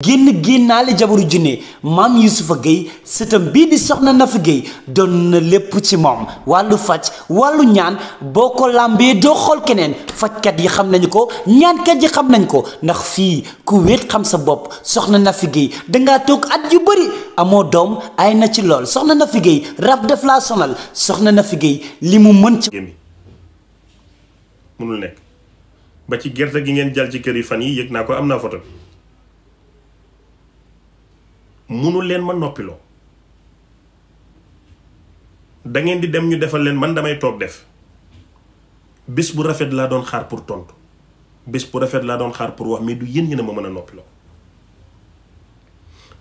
génn génnaale jabaru junne maam Youssoufa Gueye sëtam bii di soxna Nafi Gueye doon na lépp ci moom wàllu faj wàllu ñaan boo ko làmbee doo xool keneen fajkat yi xam nañu ko ñaankat yi xam nañ ko ndax fii ku wéet xam sa bopp soxna Nafi Gueye dangaa toog at yu bëri amoo doom ay na ci lool soxna Nafi Gueye rab def laa sonal soxna Nafi Gueye li mu mën ci mënul nekk ba ci gerte gi ngeen jal ci kër yi fan yi yëg naa ko am naa photo munul leen ma noppiloo da ngeen di dem ñu defal leen man damay toog def bés bu rafet laa doon xaar pour tontu bés bu rafet laa doon xaar pour wax mais du yéen ñi ne ma mën a noppiloo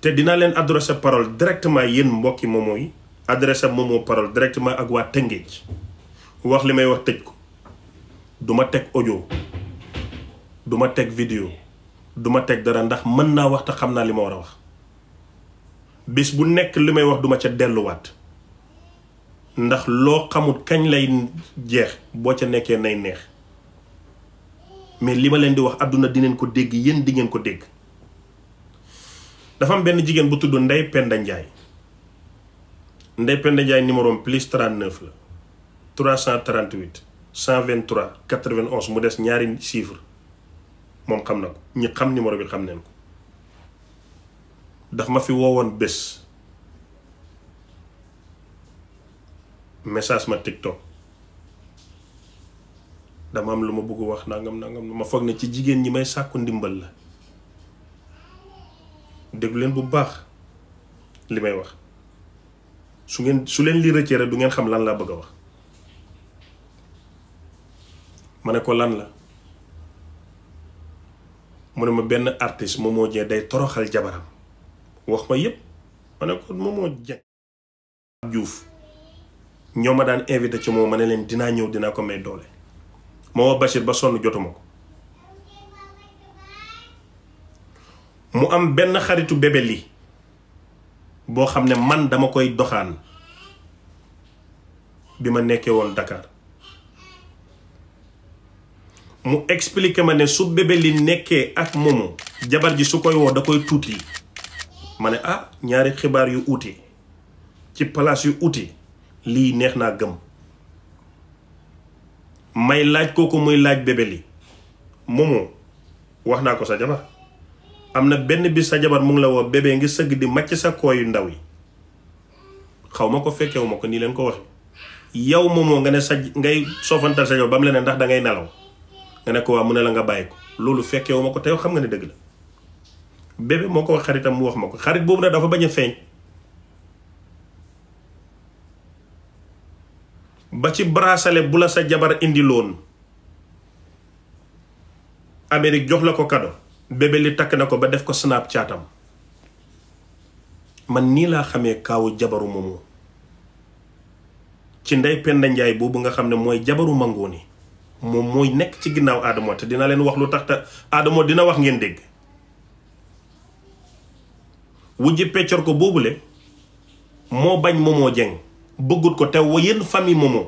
te dinaa leen adressé parole directement yéen mbokki moomoo yi adressé moomoo parole directement ak waa Tëngéej wax li may wax tëj ko du ma teg ojo duma teg video du ma teg dara ndax mën naa wax te xam naa li ma war a wax. bis bu nekk li may wax duma ca delluwaat ndax loo xamul kañ lay jeex boo ca nekkee nay neex mais li ma leen di wax àdduna dineen ko dégg yéen di ngeen ko dégg dafa am benn jigéen bu tudd Ndeye Penda Ndiaye Ndeye Penda Ndiaye numéro am plus 39 la 338 123 91 mu des ñaari chiffre moom xam na ko ñi xam numéro bi xam neen ko daf ma fi woowoon bés message ma TikTok dama am lu ma bëgg wax nangam nangam ma foog ne ci jigéen ñi may sàkku ndimbal la déglu leen bu baax li may wax su ngeen su leen lii rëccee du ngeen xam lan laa bëgg a wax ma ne ko lan la mu ne ma benn artiste moo Dieng day toroxal jabaram wax ma yëpp ma ne ko Momo Dieng Diouf ñoo ma daan invité ci moom ma ne leen dinaa ñëw dinaa ko may doole ma woo Bachir ba sonn jotuma ko mu am benn xaritu bébé li boo xam ne man dama koy doxaan bi ma nekkee woon Dakar mu expliqué ma ne su bébé li nekkee ak Momo jabar ji su koy woo da koy tuuti ma ne ah ñaari xibaar yu uti ci place yu uti lii neex naa gëm may laaj koo ko muy laaj bébé li moomoo wax naa ko sa jabar am na benn bis sa jabar mu ngi la woo bébé ngi sëgg di màcc sa kooyu ndaw yi xaw ma ko fekkewu ma ko nii leen ko wax yow moomoo nga ne sa ngay soofantal sa jabar ba mu la ndax dangay nelaw nga ne ko waa mu ne la nga bàyyi ko loolu fekkewu ma ko te yow xam nga ne dëgg la bébé moo ko wax xaritam mu wax ma ko xarit boobu nag dafa bañ a feeñ ba ci bracelet bu la sa jabar indi loon Amérique jox la ko kado bébé li takk na ko ba def ko snap caatam man nii laa xamee kaawu jabaru moomu ci ndey Penda Njaay boobu nga xam ne mooy jabaru Mangoone moom mooy nekk ci ginnaaw Adamo te dina leen wax lu tax te Adamo dina wax ngeen dégg wujj peccor ko boobule moo bañ Momo Dieng bëggut ko te wa yéen famille Momo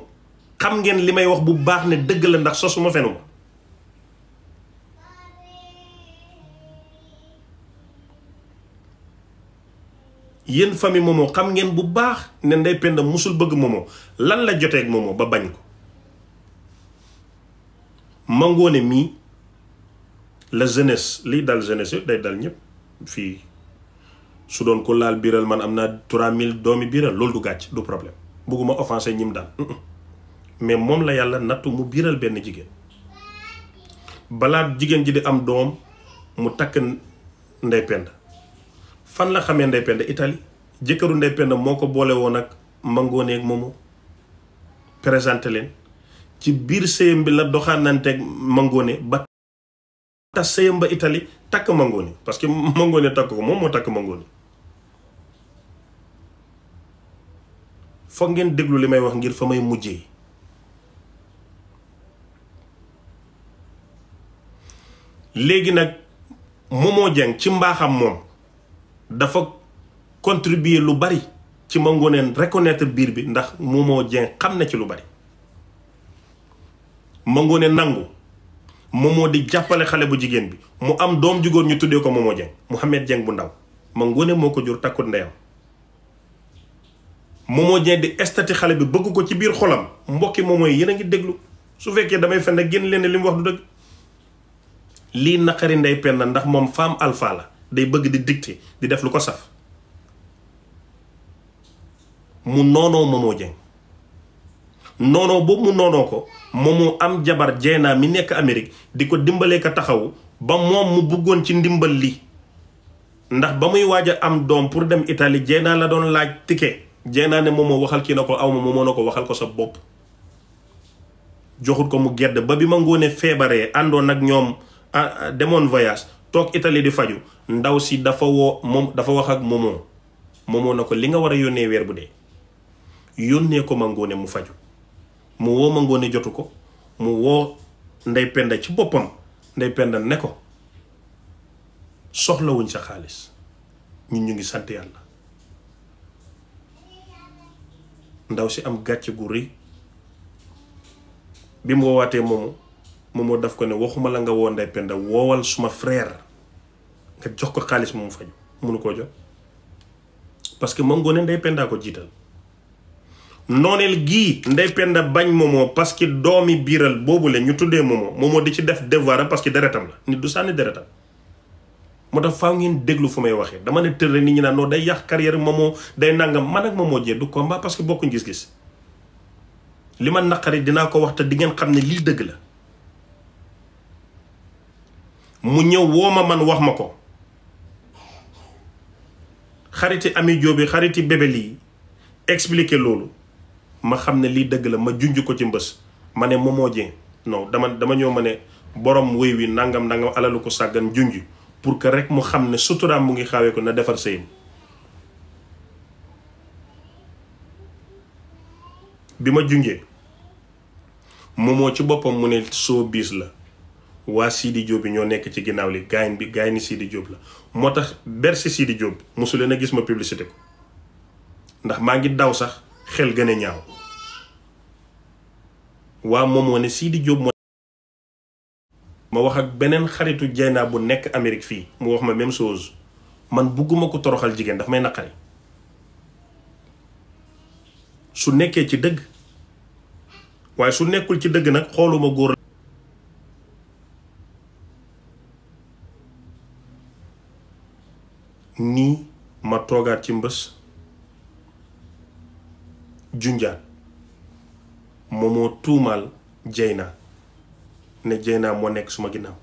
xam ngeen li may wax bu baax ne dëgg la ndax sosuma fenu ma yéen famille Momo xam ngeen bu baax ne Ndeye Penda bëgg Momo lan la jotee ak ba bañ ko Mangone mii la jeunesse liy dal jeunesse day dal ñëpp fii su doon ko laal biiral man am naa mille doomi biiral loolu du gàcc du problème bugguma offensé ñim daal mais moom la yàlla nattu mu biiral benn jigéen balaa jigéen ji di am doom mu takk Ndey Penda fan la xamee Ndey Penda Italie jëkkëru Ndey Penda moo ko boole woon ak Mangoone ak présente leen ci biir sëyam bi la doxaananteeg Mangoone ba tas sëyam ba Italie takk Mangoone parce que Mangoone takk ko moom moo takk Mangoone foog ngeen déglu li may wax ngir fa may mujjee léegi nag Momo Dieng ci mbaaxam moom dafa contribuer lu bari ci ma ngoneen reconnaître biir bi ndax Momo Dieng xam na ci lu bari ma ngoneen nangu Momo di jàppale xale bu jigéen bi mu am doom ju ñu tuddee ko Momo Dieng Mouhamed Dieng bu ndaw ma ngone moo ko jur takkut ndeyam Momo Dieng di estati xale bi bëgg ko ci biir xolam mbokki moom mooy yéen a ngi déglu su fekkee damay fen nag génn leen li mu wax du dëgg lii naqari ndey penn ndax moom femme alpha la day bëgg di dicté di def lu ko saf mu noonoo Momo Dieng noonoo boobu mu noonoo ko moomu am jabar Dieyna mi nekk Amérique di ko dimbalee ko taxawu ba moom mu bëggoon ci ndimbal li ndax ba muy waaj a am doom pour dem Italie Dieyna la doon laaj ticket jeenaane moom moo waxal kii na ko awma moom na ko waxal ko sa bopp joxut ko mu gedd ba bi ma ngoonee feebaree àndoon ak ñoom ah, ah, demoon voyage toog itali di faju ndaw si dafa woo moom dafa wax ak moomoo moomoo na ko li nga war a yónnee weer bu dee yónnee ko ma ngoone mu faju mu woo ma ngoone jotu ko mu woo ndey penda ci boppam ndey penda ne ko soxlawuñ sa xaalis ñun ñu ngi sant yàlla ndaw si am gàcce gu rëy bi mu woowaatee moomu moomoo daf ko ne waxuma la nga woon Ndeye Penda woowal suma frère nga jox ko xaalis moomu faju munu koo jox parce que moom ngoone Ndeye Penda ko jiital nooneel gii Ndeye Penda bañ moomoo parce que doomi biiral boobu la ñu tuddee moomoo moomoo di ci def devoir parce que deretam la nit du sànni deretam mu def faa ngeen déglu fu may waxee dama ne tër nit ñi naan noonu day yàq carrière Momo day nangam man ak Momo Dieng du ko parce que bokkuñ gis-gis li ma naqari dinaa ko wax te di ngeen xam ne lii dëgg la mu ñëw woo ma man wax ma ko xariti ami Diop xariti bébé lii expliqué loolu ma xam ne lii dëgg la ma junj ko ci mbës ma ne Momo Dieng non dama dama ñëw ma ne borom wéy wi nangam nangam alalu ko sàggan junj. pour que rek mu xam ne suturaam mu ngi xawee ko na defar sëyam bi ma jungee moomoo ci boppam mu ne soo biis la waa Sidi Diop bi ñoo nekk ci ginnaaw li gaañ bi gaañ ni Sidi Diop la moo tax bersi Sidi Diop mosu leen a gis ma publicité ko ndax maa ngi daw sax xel gën a ñaaw waa moom moo ne Sidi Diop ma wax ak beneen xaritu Dieyna bu nekk Amérique fii mu wax ma même chose man bugguma ko toroxal jigéen daf may naqari su nekkee ci dëgg waaye su nekkul ci dëgg nag xooluma góor nii ma toogaat ci mbës junjaan moomoo tuumaal Dieyna ne Dieyna moo nekk suma ginnaaw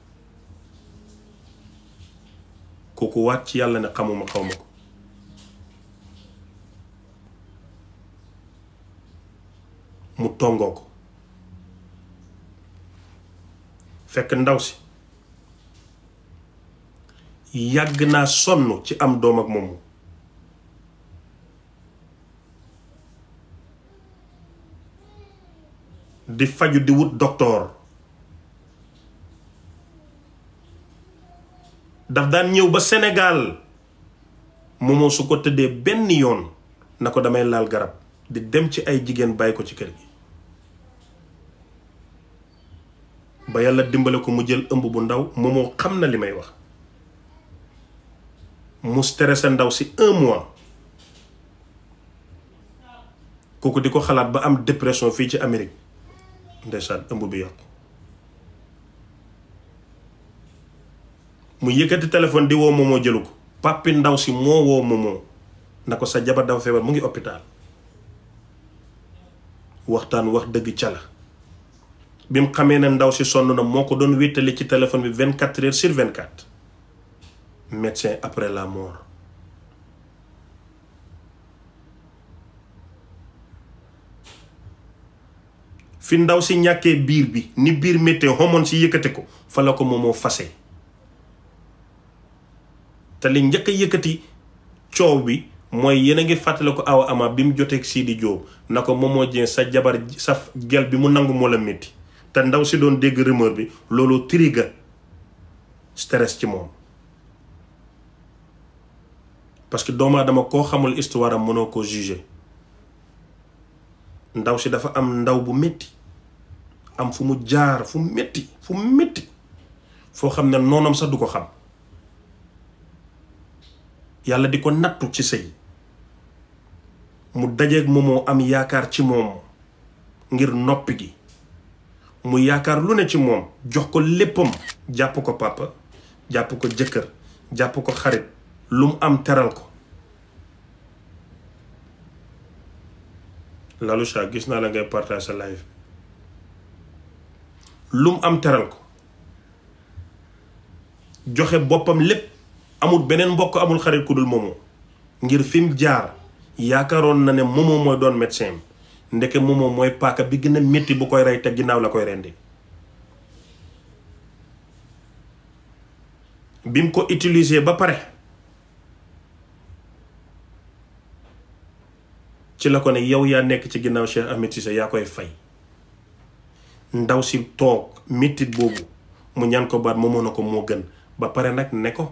kooku waat ci yàlla ne xamuma xaw ma ko mu tongoo ko fekk ndaw si yàgg naa sonn ci am doom ak moom di faju di wut doktoor daf daan ñëw ba Sénégal moomoo su ko tëddee benn yoon na ko damay laal garab di dem ci ay jigéen bàyyi ko ci kër gi ba yàlla dimbale ko mu jël ëmb bu ndaw moomoo xam na li may wax mu stressé ndaw si un mois kooku di ko xalaat ba am dépression fii ci Amérique ndeysaan ëmb bi yàqu mu yëkkati téléphone di woo moomoo jëlu ko papi ndaw si moo woo moomoo na ko sa jabar dafa feebar mu ngi hôpital waxtaan wax dëgg ca la bi mu xamee ne ndaw si sonn na moo ko doon wéttali ci téléphone bi vingt quatre heures sur vingt quatre médecin après la mort fi ndaw si ñàkkee biir bi ni biir météo hormone si yëkkate ko fa la ko moomoo fase te li njëkk a yëkkati coow bi mooy yéen a ngi fàttale ko awa ama bi mu joteeg Sidi Diop na ko Momo Dieng sa jabar sa gel bi mu nangu moo la métti te ndaw si doon dégg rumeur bi loolu trigger stress ci moom parce que doomu koo xamul histoire mënoo ko juger ndaw si dafa am ndaw bu métti am fu mu jaar fu métti fu metti foo xam ne noonam sax du ko xam yàlla di ko nattu ci sëy mu dajeeg moomoo am yaakaar ci moom ngir noppi gi mu yaakaar lu ne ci moom jox ko léppam jàpp ko papa jàpp ko jëkkër jàpp ko xarit lu am teral ko Laloucha gis naa la ngay partage sa live lu am teral ko joxe boppam lépp amul beneen mbokk amul xarit ku dul Momo ngir fi mu jaar yaakaaroon na ne Momo mooy doon médecin ndeke Momo mooy paaka bi gën a métti bu koy rey te ginnaaw la koy rendi bi mu ko utiliser ba pare ci la ko ne yow yaa nekk ci ginnaaw Cheikh Ahmed yaa koy fay ndaw si toog méttit boobu mu ñaan ko baat Momo na ko moo gën ba pare nag ne ko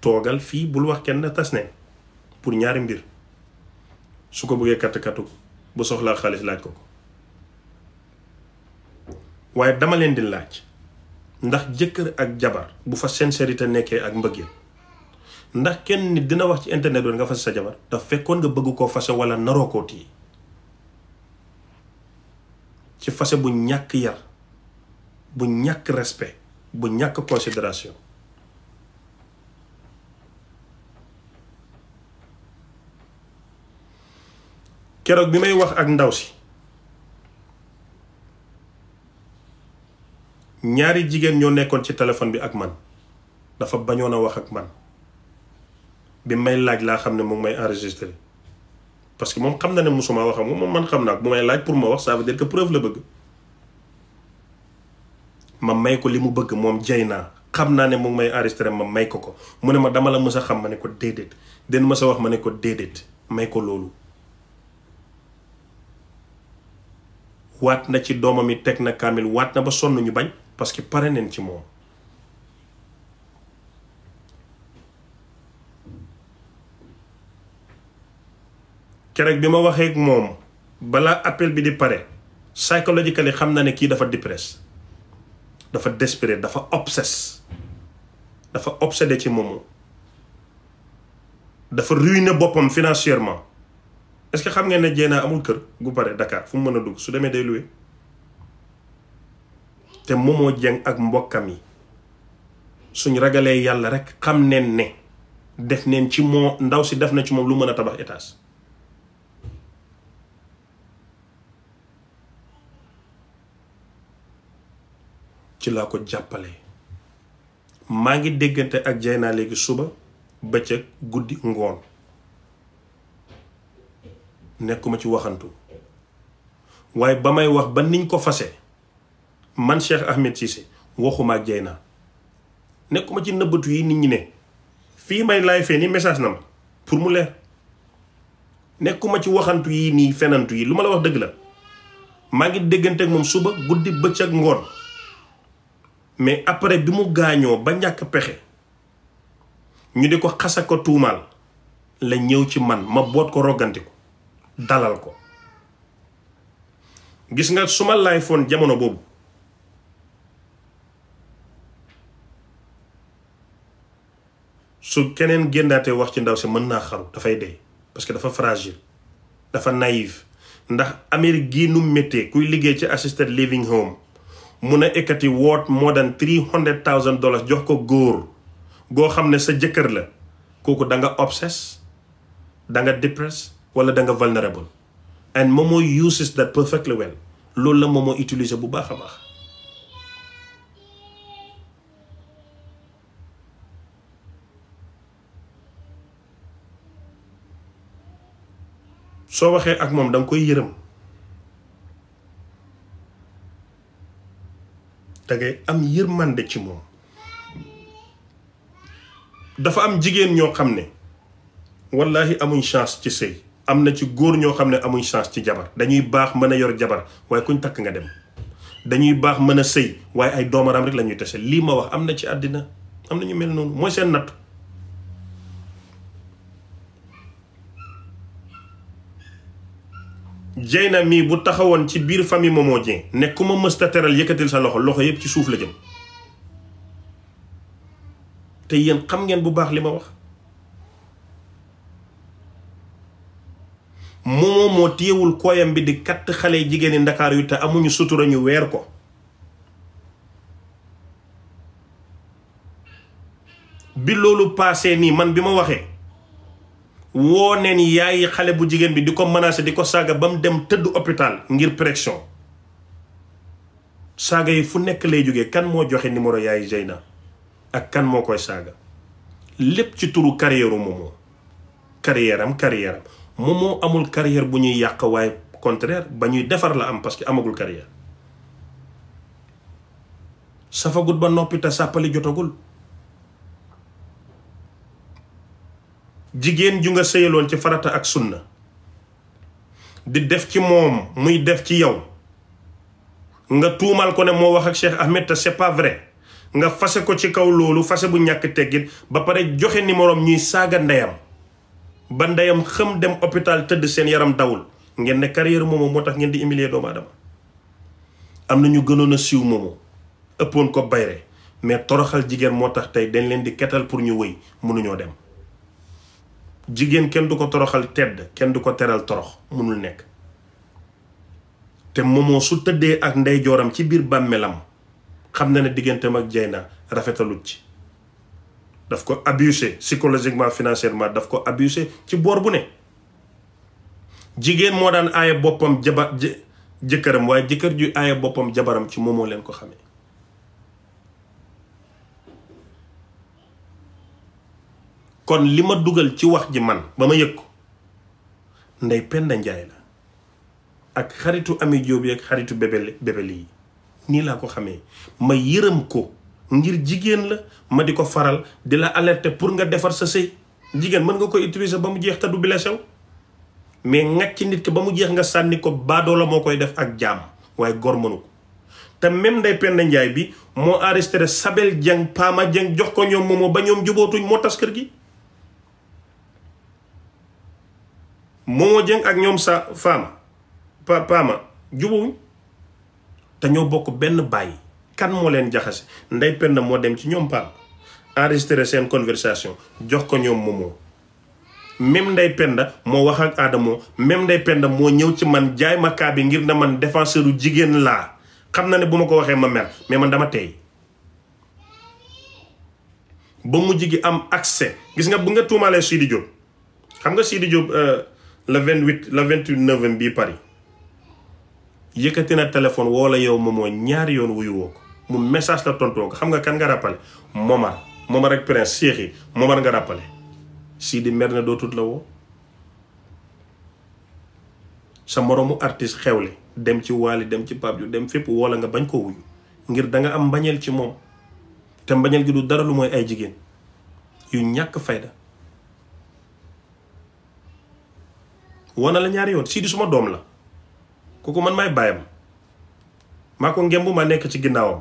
toogal fii bul wax kenn tas ne pour ñaari mbir su ko bëggee katt-kattu bu soxlaa xaalis laaj ko ko waaye dama leen di laaj ndax jëkkër ak jabar bu fa sincérité nekkee ak yi ndax kenn nit dina wax ci internet woon nga fase sa jabar daf fekkoon nga bëgg koo fase wala naroo yi ci fase bu ñàkk yar bu ñàkk respe bu ñàkk considération keroog bi may wax ak ndaw si ñaari jigéen ñoo nekkoon ci téléphone bi ak man dafa bañoon a wax ak man bi may laaj laa xam ne moom may enregistré parce que moom xam na ne musuma wax ak moom man xam naa bu may laaj pour ma wax ça veut dire que preuve la bëgg ma may ko li mu bëgg moom jay naa xam naa ne mu ngi may enregistré ma may ko ko mu ne ma dama la mës a xam ma ne ko déedéet den ma sa wax ma ne ko déedéet may ko loolu waat na ci doomam yi teg na kaamil waat na ba sonn ñu bañ parce que pare neen ci moom keroog bi ma waxee moom balaa appel bi di pare psychologically xam na ne kii dafa depress dafa desperate dafa obsess dafa obsédé ci moom dafa ruiné boppam financièrement est-ce que xam ngeen ne Dieyna amul kër gu pare Dakar fu mu mën a dugg su demee day loué te Momo Dieng ak mbokkam yi suñ ragalee yàlla rek xam neen ne def neen ci moo ndaw si def na ci moom lu mën a tabax étage ci laa ko jàppale maa ngi déggante ak naa léegi suba bëccëg guddi ngoon nekkuma ci waxantu waaye ba may wax ba niñ ko fase man Cheikh Ahmed Cissé waxuma ak Dieyna nekkuma ci nëbbatu yi nit ñi ne fii may laay fee message na ma pour mu leer nekkuma ci waxantu yi nii fenantu yi lu ma la wax dëgg la maa ngi déggante ak moom suba guddi bëccëg ngoon mais après bi mu gaañoo ba ñàkk pexe ñu di ko xasa ko tuumaal la ñëw ci man ma boot ko rogganti dalal ko gis nga su ma lay foon jamono boobu su keneen génnaatee wax ci ndaw si mën naa xaru dafay dee parce que dafa fragile dafa naïf ndax Amérique gii nu méttee kuy liggéey ci assisted living home mun a ekkati woot more than three hundred thousand dollars jox ko góor goo xam ne sa jëkkër la kooku danga nga obsess da nga depress wala da nga vulnerable and Momo uses that perfectly well loolu la Momo utiliser bu baax a baax soo waxee ak moom danga koy yërëm dangay am yërmande ci moom dafa am jigéen ñoo xam ne wallahi amuñ chance ci sëy am na ci góor ñoo xam ne amuñ chance ci jabar dañuy baax mën a yor jabar waaye kuñ takk nga dem dañuy baax mën a sëy waaye ay doomaraam rek lañuy te tase lii ma wax am na ci àddina am na ñu mel noonu mooy seen nattu na mii bu taxawoon ci biir famille Momo Dieng ne ku ma mësta teral yëkkatil sa loxo loxo yëpp ci suuf la jëm te yéen xam ngeen bu baax li ma wax moom moo téyewul kooyam bi di katt xale jigéeni ndakaar yu te amuñu sutura ñu weer ko bi loolu paasee nii man bi ma waxee woo neen yaay xale bu jigéen bi di ko menacé di ko saaga ba mu dem tëdd hôpital ngir pression saaga yi fu nekk lay jógee kan moo joxe numéro yaay Zeyna ak kan moo koy saaga lépp ci turu carrière moomoo carrière am moom moo amul carrière bu ñuy yàq waaye contraire ba ñuy defar la am parce que amagul carrière safagut ba noppite te sàppali jotagul jigéen ju nga sëyaloon ci farata ak sunna di def ci moom muy def ci yow nga tuumal ko ne moo wax ak Cheikh Ahmed te c'est pas vrai nga fase ko ci kaw loolu fase bu ñàkk teggin ba pare joxe numéro am ñuy saaga ndeyam ba ndeyam xëm dem hôpital tëdd seen yaram dawul ngeen ne carrière Momo moo tax ngeen di humilier doomu am na ñu gënoon a siiw Momo ëppoon ko bayre mais toroxal jigéen moo tax tey dañ leen di ketal pour ñu wëy mënuñoo dem jigéen kenn du ko toroxal tedd kenn du ko teral torox mënul nekk te Momo su tëddee ak ndeyjooram ci biir bàmmeelam xam na ne digganteem ak Dieyna rafetalut ci daf ko abusé psychologiquement financièrement daf ko abusé ci boor bu ne jigéen moo daan aaye boppam jaba jëkkëram waaye jëkkër ju aaye boppam jabaram ci moomoo leen ko xamee kon li ma dugal ci wax ji man ba ma yëg ko ndey Penda Njaay la ak xaritu Ami Jóob yi ak xaritu bébé bébé yi nii laa ko xamee ma yërëm ko ngir jigéen la ma di ko faral di la alerter pour nga defar sa sëy jigéen mën nga koy utiliser ba mu jeex te du blessew mais ngacc nit ki ba mu jeex nga sànni ko baadoo la moo koy def ak jaam waaye gor mënu ko te même Ndeye Penda Ndiaye bi moo arrêté Sabel Dieng Pama Dieng jox ko ñoom moomoo ba ñoom jubootuñ moo tas kër gi moomoo Dieng ak ñoom sa fama pa Pama jubowuñ te ñoo bokk benn bàyyi kan moo leen jaxase nday penda moo dem ci ñoom Pape enregistré seen conversation jox ko ñoom Momo même nday penda moo wax ak Adamo même nday penda moo ñëw ci man jaay ma kaa bi ngir na man défenseur u jigéen laa xam na ne bu ma ko waxee ma mer mais man dama tey ba mu gi am accès gis nga bu nga tuumaalee Sidi Diop xam nga Sidi Diop euh, le 28 le 28 novembre bi Paris yëkkati na téléphone woo la yow Momo ñaari yoon wuyu woo ko mu message la tontoo ko xam nga kan nga rappelé Momar Momar ak Prince Cheikh yi Momar nga rappelé Sidi mer na dootut la woo sa moroomu artiste xewle dem ci Wally dem ci Pape Diouf dem fépp woola nga bañ ko wuyu ngir danga am mbañeel ci moom te mbañeel gi du dara lu mooy ay jigéen yu ñàkk fayda wana la ñaari yoon Sidi suma doom la kooku man maay bàyyam maa ko ngemb ma nekk ci ginnaawam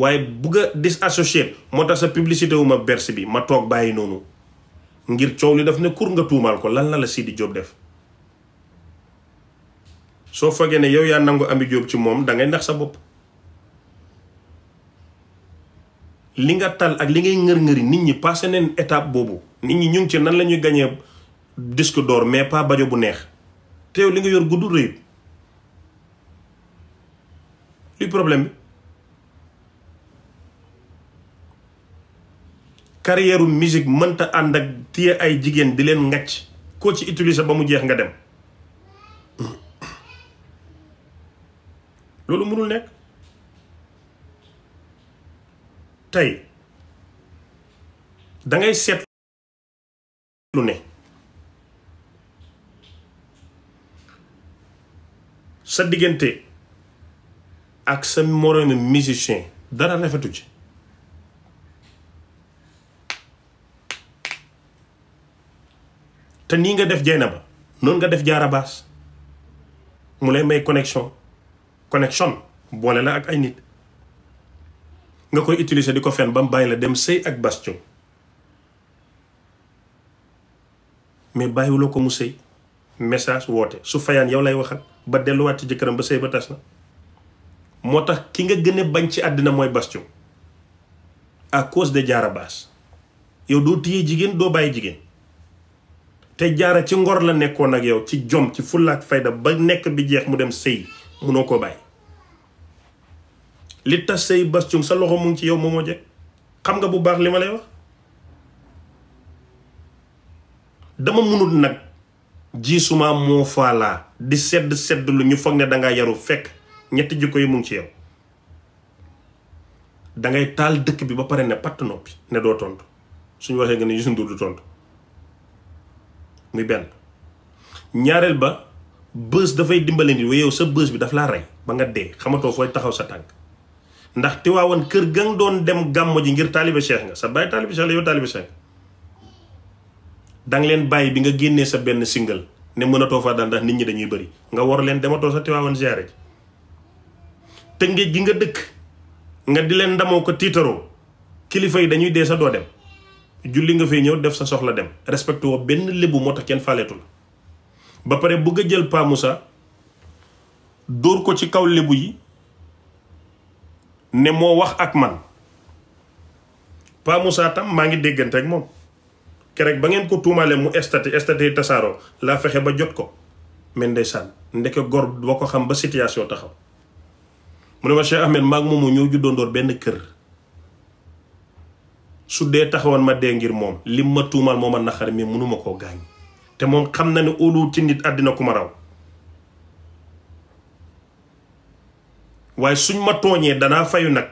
waaye bugg a disassocier moo tax sa publicité wu ma berse bi ma toog bàyyi noonu ngir coow li daf ne kur nga tuumaal ko lan la la di Diop def soo foogee ne yow yaa nangu Ami jóob ci moom dangay ngay sa bopp li nga tal ak li ngay ngër-ngëri nit ñi passé neen étape boobu nit ñi ñun ngi ci nan la ñuy gañee disque door mais pas bajo bu neex te yow li nga yor gudd rëyut luy problème bi carrière musique mënta ànd ak téye ay jigéen di leen ngacc koo ci utiliser ba mu jeex nga dem loolu mënul nekk tey dangay seet ne sa diggante ak sa moroomi musicien dara rafetu ci te nii nga def Jeynaba noonu nga def Diarra Baas mu lay may connexion connexion boole la ak ay nit nga koy utiliser di ko fen ba mu bàyyi la dem sëy ak bastion mais bàyyiwuloo ko mu sëy message woote su fayaan yow lay waxal ba delluwaat ci jëkkëram ba sëy ba tas na moo tax ki nga gën a bañ ci àddina mooy bastion à cos de Diarra Baas yow doo téye jigéen doo bàyyi jigéen te jaara ci ngor la nekkoon ak yow ci jom ci fulla ak fayda ba nekk bi jeex mu dem sëy munoo ko bàyyi li tas sëy bas sa loxo mu ngi ci yow moomoo jeg xam nga bu baax li ma lay wax dama munut nag jiisuma moo faalaa di sedd sedd lu ñu foog ne dangaa yaru fekk ñetti jikko yi mu ngi ci yow dangay taal dëkk bi ba pare ne patt noppi ne doo tontu suñu waxee nga ne Youssou Ndour du tontu muy benn ñaareel ba bës dafay dimbali ni waaye yow sa bës bi daf laa rey ba nga dee xamatoo fooy taxaw sa tànk ndax tiwaawan kër ga nga doon dem gàmmo ji ngir taalibe cheikh nga sa bàyyi taalibe cheikh la yow taalibe cheikh danga leen bàyyi bi nga génnee sa benn singal ne mënatoo faa daal ndax nit ñi dañuy bari nga war leen dematoo sa tiwaawan ziyaare ji tëngéej gi nga dëkk nga di leen ndamoo ko tiitaroo kilifa yi dañuy dee sa doo dem julli nga fay ñëw def sa soxla dem respecté woo benn lébu moo tax kenn faaleetu la ba pare bëgg jël Pa Moussa dóor ko ci kaw lébu yi ne moo wax ak man Pa Moussa tam maa ngi déggante ak moom kerek ba ngeen ko tuumaale mu estaté estaté tasaaroo laa fexe ba jot ko mais ndeysaan ndeke gor boo ko xam ba situation taxaw mu ne ma Cheikh maa maag moomu ñëw ju doondoor benn kër su dee taxawoon ma dee ngir moom lim ma tuumal moo ma naxar mi mënuma koo gaañ te moom xam na ne óoluwul ci nit àddina ku ma raw waaye suñ ma tooñee danaa fayu nag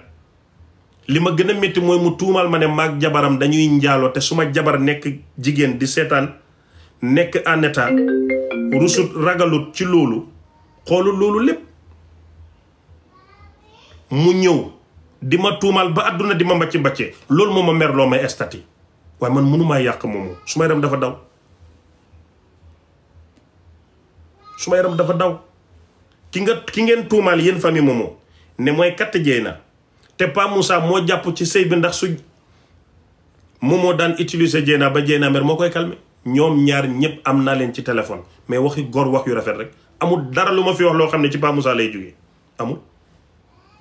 li ma gën a métti mooy mu tuumal ma ne maag jabaram dañuy njaaloo te suma ma jabar nekk jigéen di seetaan nekk en état rusut ragalut ci loolu xoolul loolu lépp mu ñëw di ma tuumaal ba àdduna di ma mbàcc mbàcce loolu moom ma mer loo may estati waaye man mënumaa yàq moom su ma yaram dafa daw su ma yaram dafa daw ki nga ki ngeen tuumaal yéen famille moom ne mooy katt jeey na te Pa Moussa moo jàpp ci sëy bi ndax su moomoo daan utiliser Jeyna ba Jeyna mer moo koy calmer ñoom ñaar ñëpp am naa leen ci téléphone mais waxi góor wax yu rafet rek amul dara lu ma fi wax loo xam ne ci Pa Moussa lay jógee amul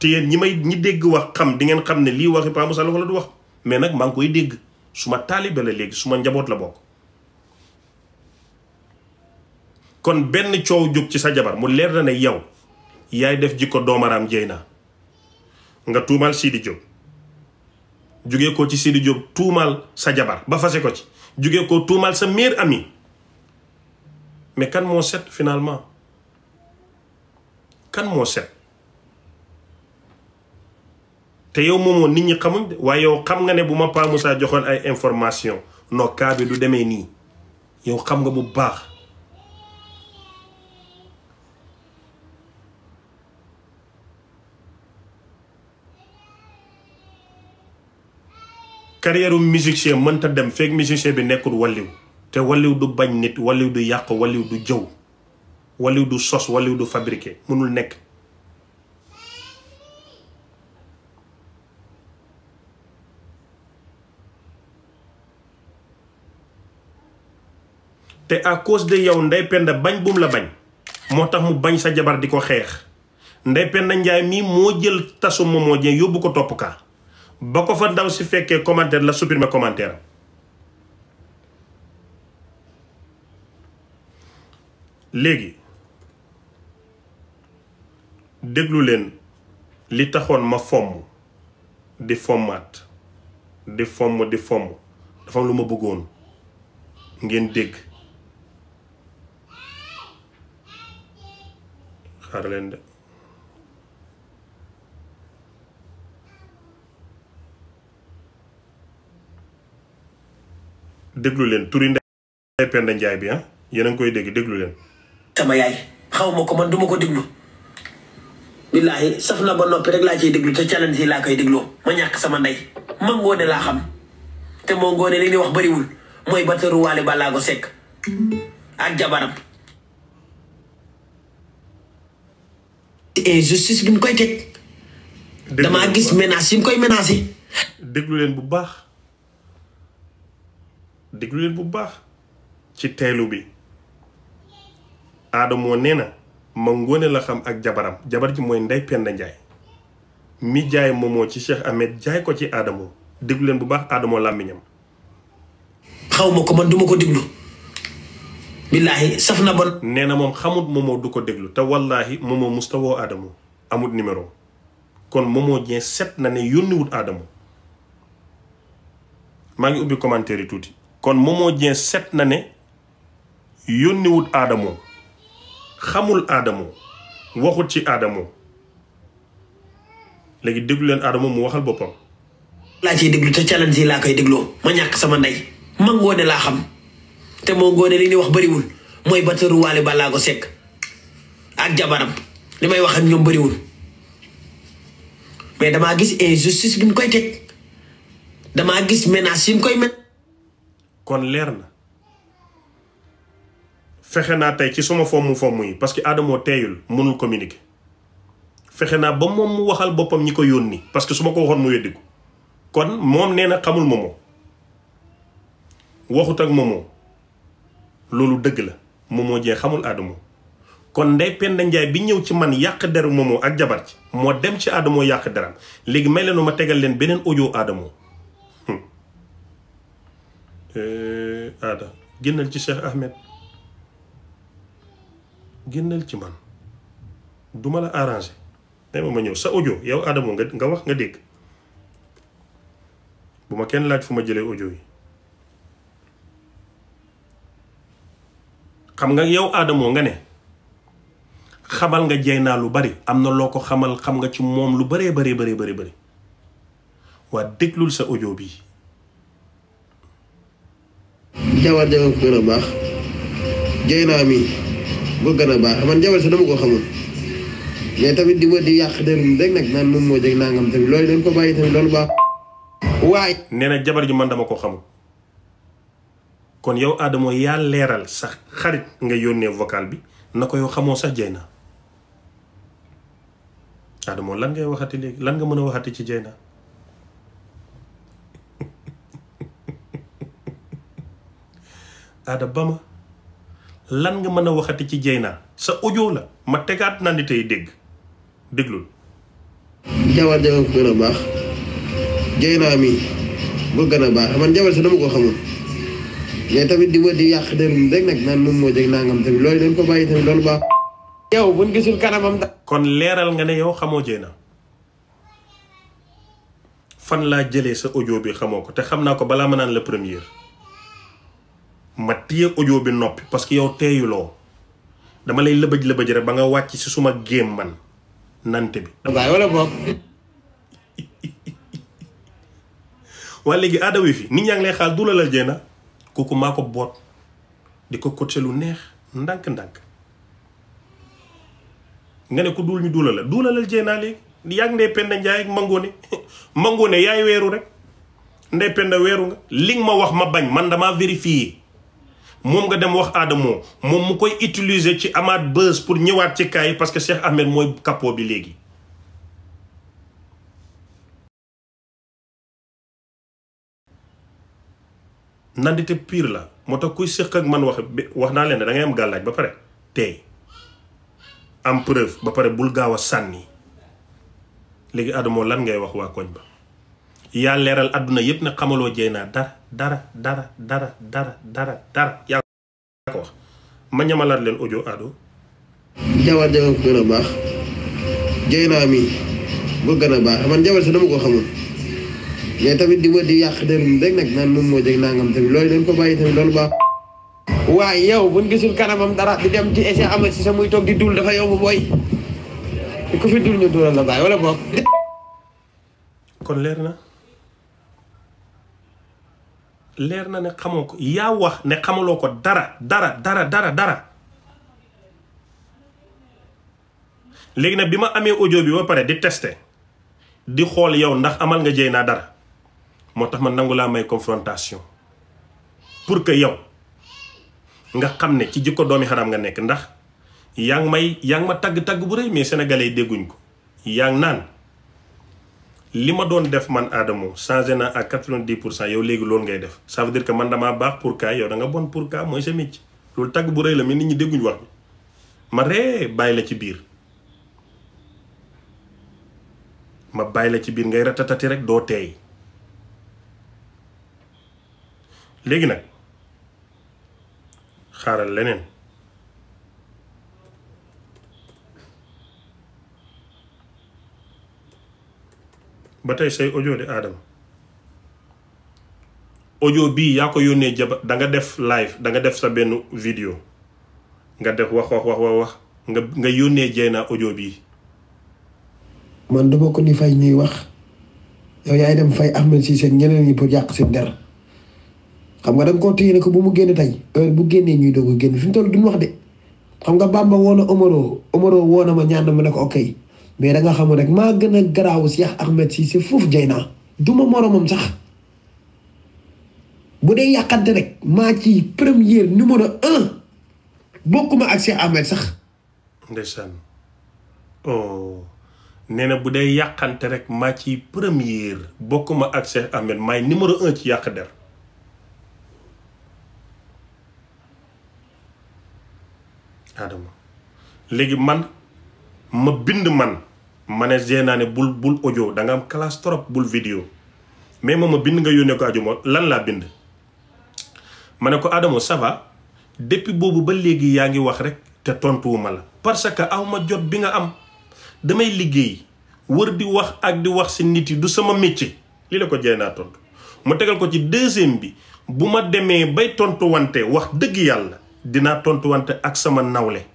te yéen ñi may ñi dégg wax xam dingeen xam ne lii waxi Pa la Loco la du wax mais nag maa ngi koy dégg su ma taalibe la léegi su ma njaboot la bokk kon benn coow jóg ci sa jabar mu leer na ne yow yaay def jikko doomaraam jéy naa nga tuumaal Sidi Diop jóge ko ci Sidi Diop tuumaal sa jabar ba fase ko ci jóge ko tuumaal sa meilleur ami mais kan moo set finalement kan moo set te yow moomoo nit ñi xamuñ waaye yow xam nga ne bu ma Pa Moussa joxoon ay information non cas bi du demee nii yow xam nga bu baax carrière musicien mënta dem fekk musicien bi nekkul walliw te walliw du bañ nit walliw du yàq walliw du jëw walliw du sos walliw du fabriqué mënul nekk te à cause de yow Ndeye Penda bañ buum la bañ moo tax mu bañ sa jabar di ko xeex Ndeye Penda Ndiaye mii moo jël tasu Momo Dieng yóbbu ko topp kaa ba ko fa ndaw si fekkee commentaire la supprimer commentaire léegi déglu leen li taxoon ma fomm di fommaat di fomm di fomm dafa lu ma bëggoon ngeen dégg xaar leen leen turi Ndeye Penda Ndiaye bi ah yéen koy dégg déglu leen. sama yaay xaw ma ko man duma ko déglu. billaahi saf na ba noppi rek laa ciy déglu te challenge yi laa koy dégloo ma ñàkk sama ndey ma ngoone laa xam te moo ngoone li ñuy wax bariwul mooy bataru waale balaa ko sekk ak jabaram. injustice bi mu koy teg. damaa gis menace yi mu koy menacé. déglu leen bu baax déglu leen bu baax ci teelu bi aadamoo nee na ma ngóone la xam ak jabaram jabar ji mooy Ndeye Penda mi jaay moomoo ci Cheikh Ahmed jaay ko ci Adamo déglu leen bu baax Adamo làmmiñam xaw ma ko man duma ko déglu. billaahi saf na bon. nee na moom xamut Momo du ko déglu te wallaahi Momo musta woo Adamo amut numéro kon Momo Dieng set na ne yónniwut Adamo maa ngi ubbi commentaire yi tuuti. kon Momo Dieng set na ne yónniwut Adamo xamul Adamo waxut ci Adamo léegi déglu leen Adamo mu waxal boppam. laa ciy déglu te challenge yi laa koy dégloo ma ñàkk sama ndey ma ngoone laa xam. te moo ngoone li ñuy wax bariwul mooy batëru waale balaa ko sekk ak jabaram li may wax ñoom bariwul mais damaa gis injustice bi ñu koy teg damaa gis menace yi ñu koy met kon leer na fexe naa tey ci suma fomm fomm yi parce que Adamo teeyul mënul communiquer fexe naa ba moom mu waxal boppam ñi ko yónni parce que su ma ko waxoon mu weddiku kon moom nee na xamul Momo waxut ak Momo loolu dëgg la moomoo jee xamul aadamo kon ndey Penda Njaay bi ñëw ci man yàq deru moomoo ak jabar ci moo dem ci aadamoo yàq deram léegi may leenu ma tegal leen beneen ojo aadamoo aada eh, génnal ci Cheikh Ahmed génnal ci man duma la arrangé day ma ma ñëw sa audio yow aadamoo nga nga wax nga dégg bu ma kenn laaj fu ma jëlee audio yi xam nga yow aadamoo nga ne xamal nga jey naa lu bari am na loo ko xamal xam nga ci moom lu bëree bëree bëree bari bëri waa déglul sa audio bi jawar jawar ko gën a baax jey naa mi ko gën a baax man jawar sa dama ko xamul mais tamit di ma di yàq dem nag naan moom moo jeg nangam tamit loolu dañ ko bàyyi tamit loolu baax waaye nee na jabar ji man dama ko xamul kon yow aadamoo yaa leeral sa xarit nga yónnee vocal bi na koy yow xamoo sax Dieyna Adamo lan ngay waxati léegi lan nga mën a waxati ci Dieyna Ada lan nga mën a waxati ci Dieyna sa audio la ma tegaat na ni tey dégg déglul jabar jabar ko gën a baax Dieyna mi boo gën a baax man jabar sa dama ko xamul yooyu tamit di di yàq dërum rek nag naan moom moo jeg nangam tamit loolu dañ ko bàyyi tamit loolu baax yow buñ gisul kon leeral nga yow xamoo Dieyna fan laa jëlee sa audio bi xamoo ko te xam naa ko balaa ma naan la première ma téye audio bi noppi parce que yow teeyuloo dama lay lëbëj lëbëj rek ba nga wàcc si suma géem nante bi. waaye wala boog. waa léegi aada wi fi nit ñaa ngi xaal xaar du la la Dieyna kooku maa ko boot di ko coaché lu neex ndànk-ndànk nga ne ko dul ñu duulalal duulalal jee naa léegi yaa ngi Ndeye Penda Ndiaye ak Mangone mangoone yaay weeru rek Ndeye Penda weeru nga li nga ma wax ma bañ man damaa vérifier moom nga dem wax Adamo moom mu koy utiliser ci amaat buzz pour ñëwaat ci kaay parce que Cheikh Ahmed mooy capot bi léegi nandite piir la moo tax kuy sëq ak man wax wax naa leen ne da ngay am gàllaaj ba pare tey am preuve ba pare bul gaaw a sànni léegi moo lan ngay wax waa koñ ba yaa leeral àdduna yépp ne xamaloo jeey naa dara dara dara dara dara dara dara wax ma ñamalaat leen audio Ado jabar jabar ko gën a baax jeey naa mi bu gën a baax man jabar si dama ko xamul mais tamit di di yàq dërëm rek nag naan moom moo jëg nangam tamit loolu dañ ko bàyyi tamit loolu baax waaye yow buñ gisul kanamam dara di dem ci essai amal si sa muy toog di dul dafa yomb booy ku fi dul ñu dural kon leer na leer na ne xamoo ko yaa wax ne xamuloo ko dara dara dara dara dara léegi nag bi ma amee audio bi ba pare di tester di xool yow ndax amal nga jéy naa dara moo tax ma nangu laa may confrontation pour que yow nga xam ne ci jikko doomi xaraam nga nekk ndax yaa ngi may yaa ngi ma tagg-tagg bu rëy mais sénégalais yi dégguñ ko yaa ngi naan li ma doon def man Adamo changé na ak quatre-vingt-dix pour cent yow léegi loolu ngay def ça veut dire que man dama baax pour kaay yow da nga bon pour kaa mooy sa métier loolu tagg bu rëy la mais nit ñi dégguñ wax bi ma ree bàyyi la ci biir ma bàyyi la ci biir ngay ratatati rek doo teey léegi nag xaaral leneen ba tey say audio de Adama audio bii yaa ko yónnee jaba danga def live da nga def sa benn vidéo nga def wax wax wax wax nga nga yónnee Dieyna audio bii. man dama ko ni fay ñuy wax yow yaay dem fay si seen ñeneen ñi pour yàq seen der. xam nga da nga koo téye ne ko bu mu génn tey bu génnee ñuy doog a génn fi mu toll duñ wax de xam nga Bamba woon na Omaro Omaro woon na ma ñaan dama ne ko ok mais danga nga xamul rek maa gën a garaawu Cheikh Ahmed Cissé foofu jay naa du ma moromam sax bu dee yàqante rek maa ci première numéro un bokkuma ak Cheikh sax. ndeysaan oh. nee na bu dee yàqante rek maa ci première bokkuma ak Cheikh Ahmed maay numéro un ci yàq der. Adama léegi man ma bind man ma ne gée naa ne bul bul ojo da nga am classe trop bul vidéo mais moom ma bind nga yónnee ko ajuma lan laa bind ma ne ko Adama ça va depuis boobu ba léegi yaa ngi wax rek te tontuwuma la parce que aw ma jot bi nga am damay liggéey wër di wax ak di wax si nit yi du sama métier lii la ko jee naa tontu mu tegal ko ci deuxième bi bu ma demee bay tontu wante wax dëgg yàlla dinaa tontuwante ak sama nawle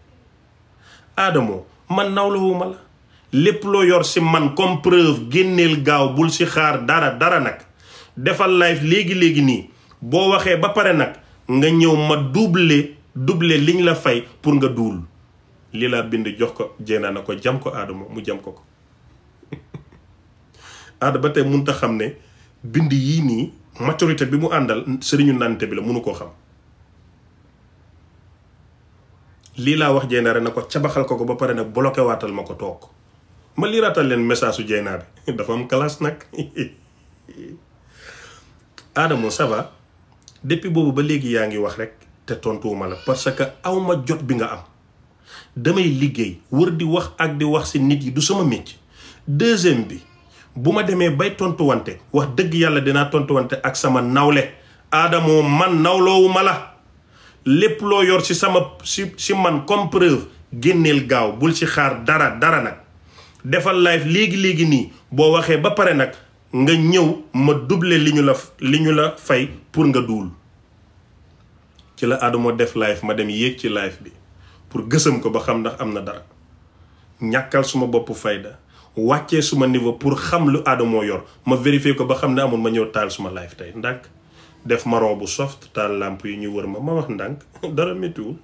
Adamo man nawlewuma la lépp loo yor si man comme preuve génneel gaaw bul si xaar dara dara nag defal live léegi léegi nii boo waxee ba pare nag nga ñëw ma doubler doubler liñ la fay pour nga duul li laa bind jox ko jéenaa na ko jam ko Adamo mu jam ko ko aada ba tey mënut a xam ne bind yii nii maturité bi mu àndal sëriñu nante bi la mënu koo xam lii laa wax Dieyna na ko cabaxal ko ko ba pare nag bloqué waatal ma ko toog ma liiraatal leen message su Dieyna bi dafa am classe nag Adamo ça va depuis boobu ba léegi yaa ngi wax rek te tontuwuma la parce que awma jot bi nga am damay liggéey wër di wax ak di wax ci nit yi du sama métier deuxième bi bu ma demee bay tontuwante wax dëgg yàlla dinaa tontuwante ak sama nawle aadamoo man nawloowu ma la lépp loo yor ci sama ci man comme génneel gaaw bul ci xaar dara dara nag defal live léegi léegi nii boo waxee ba pare nag nga ñëw ma duble li ñu la li ñu la fay pour nga duul ci la Adamo def live ma dem yéeg ci live bi pour gësëm ko ba xam ndax am na dara ñàkkal suma bopp fayda wàccee suma niveau pour xam lu Adamo yor ma vérifier ko ba xam ne amul ma ñëw taal suma live tey ndànk def maron bu soft taal làmp yi ñu wër ma ma wax ndànk dara méttiwul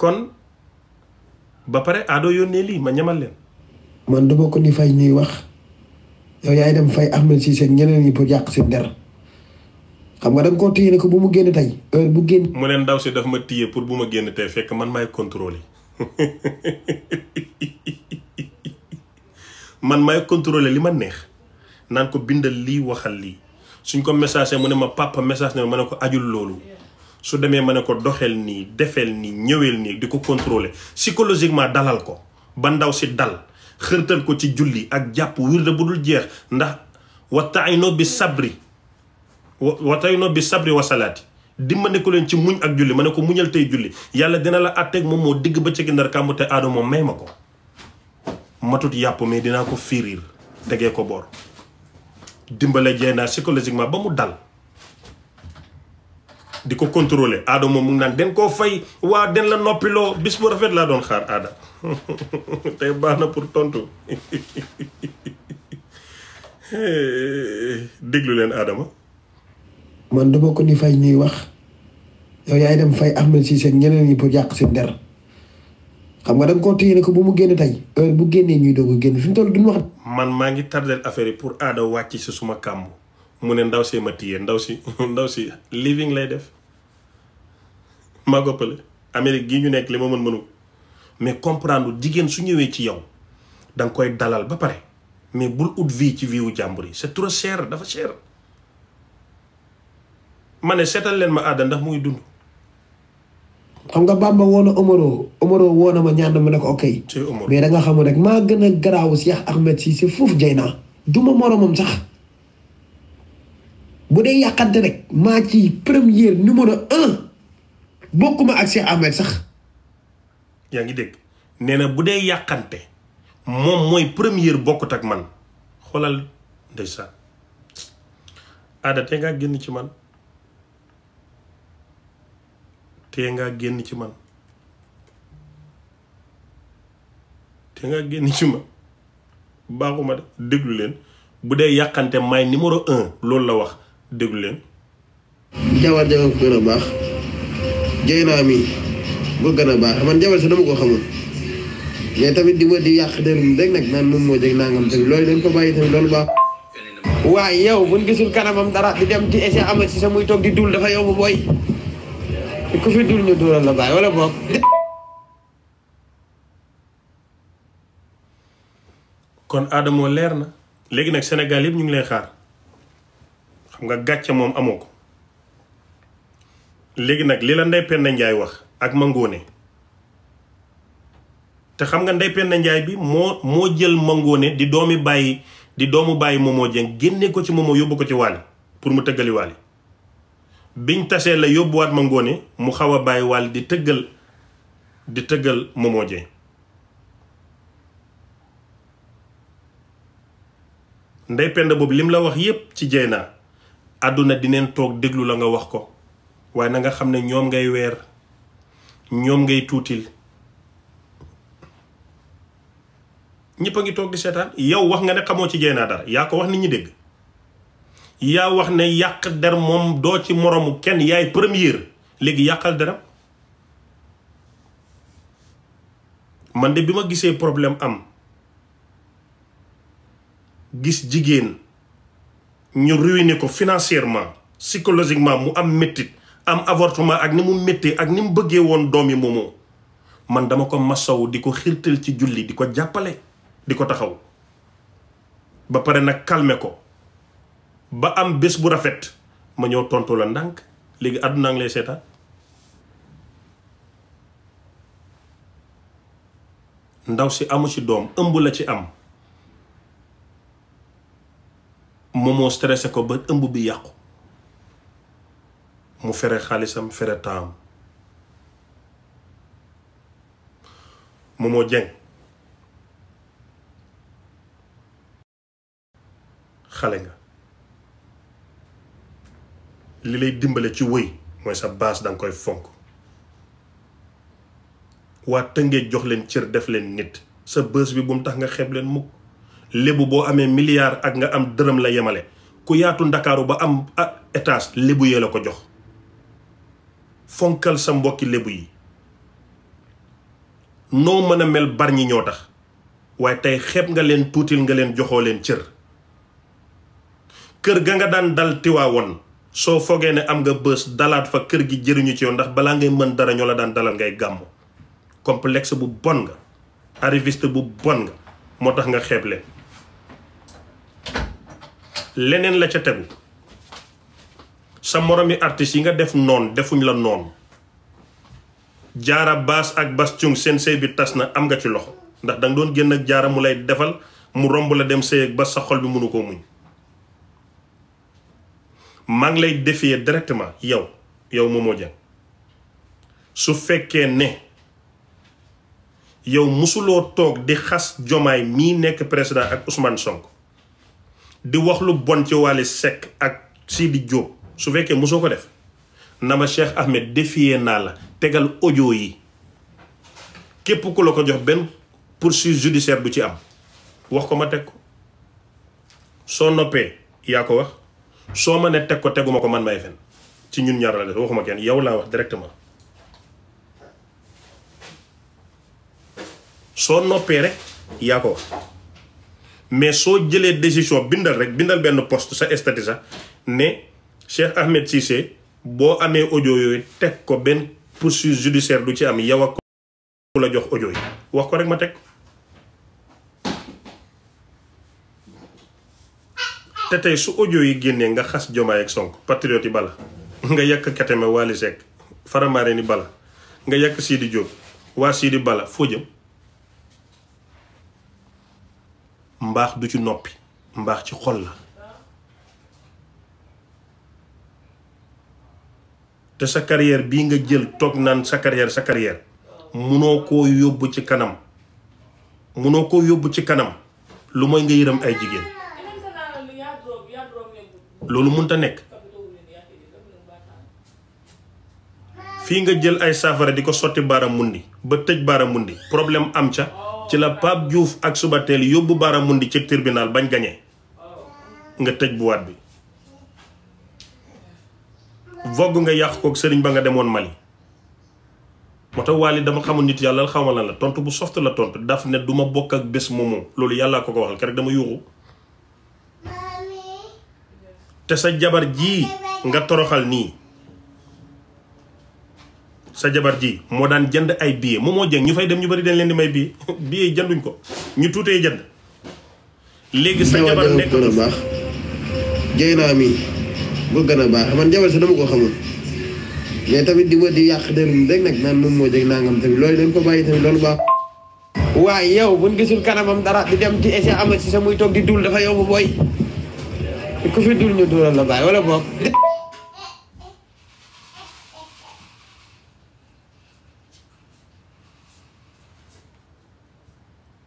kon ba pare aado yónnee lii ma ñamal leen man duma ko di fay ñuy wax yow yaay dem fay Ahmed Cissé ak ñeneen ñi pour yàq seen der xam nga da nga koo téye ne ko bu mu génn tey heure bu génn mu leen ndaw si daf ma téye pour bu ma génn tey fekk man maay contrôler man may contrôler li ma neex naan ko bindal lii waxal lii suñ ko message mu ne ma papa message ne ma ne ko ajul loolu su demee ma ne ko doxeel nii defeel nii ñëweel nii di ko contrôler psychologiquement dalal ko ba ndaw si dal xërtal ko ci julli ak jàpp wirde bu dul jeex ndax wataayinoo bi sabri wataayinoo bi sabri wasalaati dimbale ko leen ci muñ ak julli ma ne ko muñal tey julli yàlla dina la àtteeg moom moo digg ba cëgg ndar kàmbu te aadama may ma ko matut yàpp mais dinaa ko firiir tegee ko boor dimbale naa psychologiquement ba mu dal di ko contrôler aada moom mu ngi naan den koo fay waa den la noppiloo bis bu rafet laa doon xaar aada tey baax na pour tontu déglu leen aadama man duma ko di fay ñuy wax yow yaay dem fay Ahmed Cissé ñeneen ñi pour yàq si der xam nga da nga koo téye ne ko bu mu génn tey bu génnee ñuy doog a génn fi mu toll duñ wax. man maa ngi tardel affaire yi pour aada wàcc si suma kàmb mu ne ndaw see ma téye ndaw si ndaw si living lay def maa goppale Amérique gii ñu nekk li ma mën mënu mais comprendre jigéen su ñëwee ci yow danga koy dalal ba pare mais bul ut vie ci vie jàmbur yi c'est trop cher dafa cher ma ne seetal leen ma aada ndax muy dund. xam nga Bamba woo na Omaro Omaro woo ma ñaan ma ne ko ok. mais da nga xamul rek maa gën a garaawu Cheikh Ahmed Cissé foofu jay naa. du ma moromam sax bu dee yàqante rek maa ci premier numéro bokkuma ak Cheikh Ahmed sax. yaa ngi dégg nee na bu dee yàqante moom mooy premier bokkut ak man xoolal ndeysaan aada te ngaa génn ci man. te ngaa génn ci man te ngaa génn ci man baaxuma de déglu leen bu dee yàqante may numéro un loolu la wax déglu leen jabar jabar gën a baax jëy naa mi bu gën a baax man jabar si dama ko xamul mais tamit di ma di yàq dem rek nag naan moom moo jëg nangam tamit loolu dañ ko bàyyi tamit loolu baax waaye yow buñ gisul kanamam dara di dem di essayer amal si sa muy toog di dul dafa yomb booy ku fi dul ñu dóoral la kon Adamo leer na léegi nag senegal yëpp ñu ngi lay xaar xam nga gàcc moom amoo ko léegi nag li la Ndeye Penda Ndiaye wax ak Mangone te xam nga Ndeye Penda Ndiaye bi moo moo jël Mangone di doomi bàyyi di doomu bàyyi moo jën génne ko ci moom yóbbu ko ci waali pour mu tëggali waali biñ tasee la yóbbuwaat ma ngoone mu xaw a bàyyi wàll di tëggal di tëggal Momo Dieng ndey pend boobu lim la wax yépp ci Dieyna àdduna dineen toog déglu la nga wax ko waaye na nga xam ne ñoom ngay weer ñoom ngay tuutil ñëpp a ngi toog di seetaan yow wax nga ne xamoo ci Dieyna dara yaa ko wax nit ñi dégg yaa wax ne yàq der moom doo ci moroomu kenn yaay première léegi yàqal deram man de bi ma gisee problème am gis jigéen ñu ruiner ko financièrement psychologiquement mu am méttit am avortement ak ni mu méttee ak ni mu bëggee woon doom yi moomoo man dama ko masawu di ko xiirtal ci julli di ko jàppale di ko taxaw ba pare nag kalme ko ba am bés bu rafet ma ñëw tontu la ndànk léegi àdduna ngi lay seetaan ndaw si amu ci doom ëmb la ci am moom moo stressé ko ba ëmb bi yàqu mu fere xaalisam fere taam Momo Dieng xale nga li lay dimbale ci wëy mooy sa baas danga koy fonk waa tëngee jox leen cër def leen nit sa bës bi bu tax nga xeeb leen mukk lébu boo amee milliard ak nga am dërëm la yemale ku yaatu ndakaaru ba am étage lébu yee la ko jox fonkal sa mbokki lébu yi noo mën a mel bar ñi ñoo tax waaye tey xeeb nga leen tuutil nga leen joxoo leen cër kër ga nga daan dal tiwaawoon soo foogee ne am nga bës dalaat fa kër gi jëriñu ci yow ndax balaa ngay mën dara ñoo la daan dalal ngay gàmm complexe bu bon nga arriviste bu bon nga moo tax nga xeeb leneen la ca tegu sa moromi artistes yi nga def noon defuñ la noonu jaara baas ak bas cung seen sëy bi tas na am nga ci loxo ndax danga doon génn ak jaara mu lay defal mu romb la dem sëy ak ba sa xol bi mënu koo muñ mag lay défier directement yow yow Momo Dieng su fekkee ne yow mosuloo toog di xas jomaay mii nekk président ak Ousmane Sonko di wax lu bon ci Wally Seck ak Sidi Diop su fekkee musoo ko def na ma Cheikh Ahmed défier naa la tegal audio yi képp ku la ko jox benn poursuite judiciaire bu ci am wax ko ma teg ko soo noppee yaa ko wax soo ma ne teg ko teguma ko man may fen ci ñun ñaar la def waxuma kenn yow laa wax directement soo noppee rek yaa ko wax mais soo jëlee décision bindal rek bindal benn poste sa statut sax ne Cheikh Ahmed Cissé boo amee audio teg ko benn poursuite judiciaire du ci am yow ak la jox audio yi wax ko rek ma teg te tey su audio yi génnee nga xas Jomaay ak Sonko patriote yi bala nga yàq Keteme Wally Seck faramaare ni bala nga yàq Sidi Diop waa Sidi bala foo jëm mbaax du ci noppi mbaax ci xol la te sa carrière bii nga jël toog naan sa carrière sa carrière munoo koo yóbbu ci kanam munoo ko yóbbu ci kanam lu mooy nga yërëm ay jigéen loolu mënta nekk fii nga jël ay saafara di ko sotti baaramundi ba tëj baaramundi problème am ca ci la Pape juuf ak suba teel yóbbu baaramundi ci tribunal bañ gañee nga tëj bu waat bi vogue nga yàq kook sëriñ ba nga demoon Mali moo tax waali dama xamul nit yàlla xamal na la tontu bu soft la tontu daf ne du ma bokk ak bés moomu loolu yàllaa ko ko waxal keroog dama yuuxu te sa jabar ji nga toroxal nii sa jabar ji moo daan jënd ay billets moom moo jëng ñu fay dem ñu bari dañ leen di may billet billet yi jënduñ ko ñu tuutee jënd léegi sa jabar nekk gën baax jëy naa mi bu gën a baax man jabar sa dama ko xamul mais tamit di ma di yàq dem rek nag naan moom moo jëg nangam tamit loolu dañ ko bàyyi tamit loolu baax waaye yow buñ gisul kanamam dara di dem di essayer amal si sa muy toog di dul dafa yomb booy ku fi dul ñu dóoral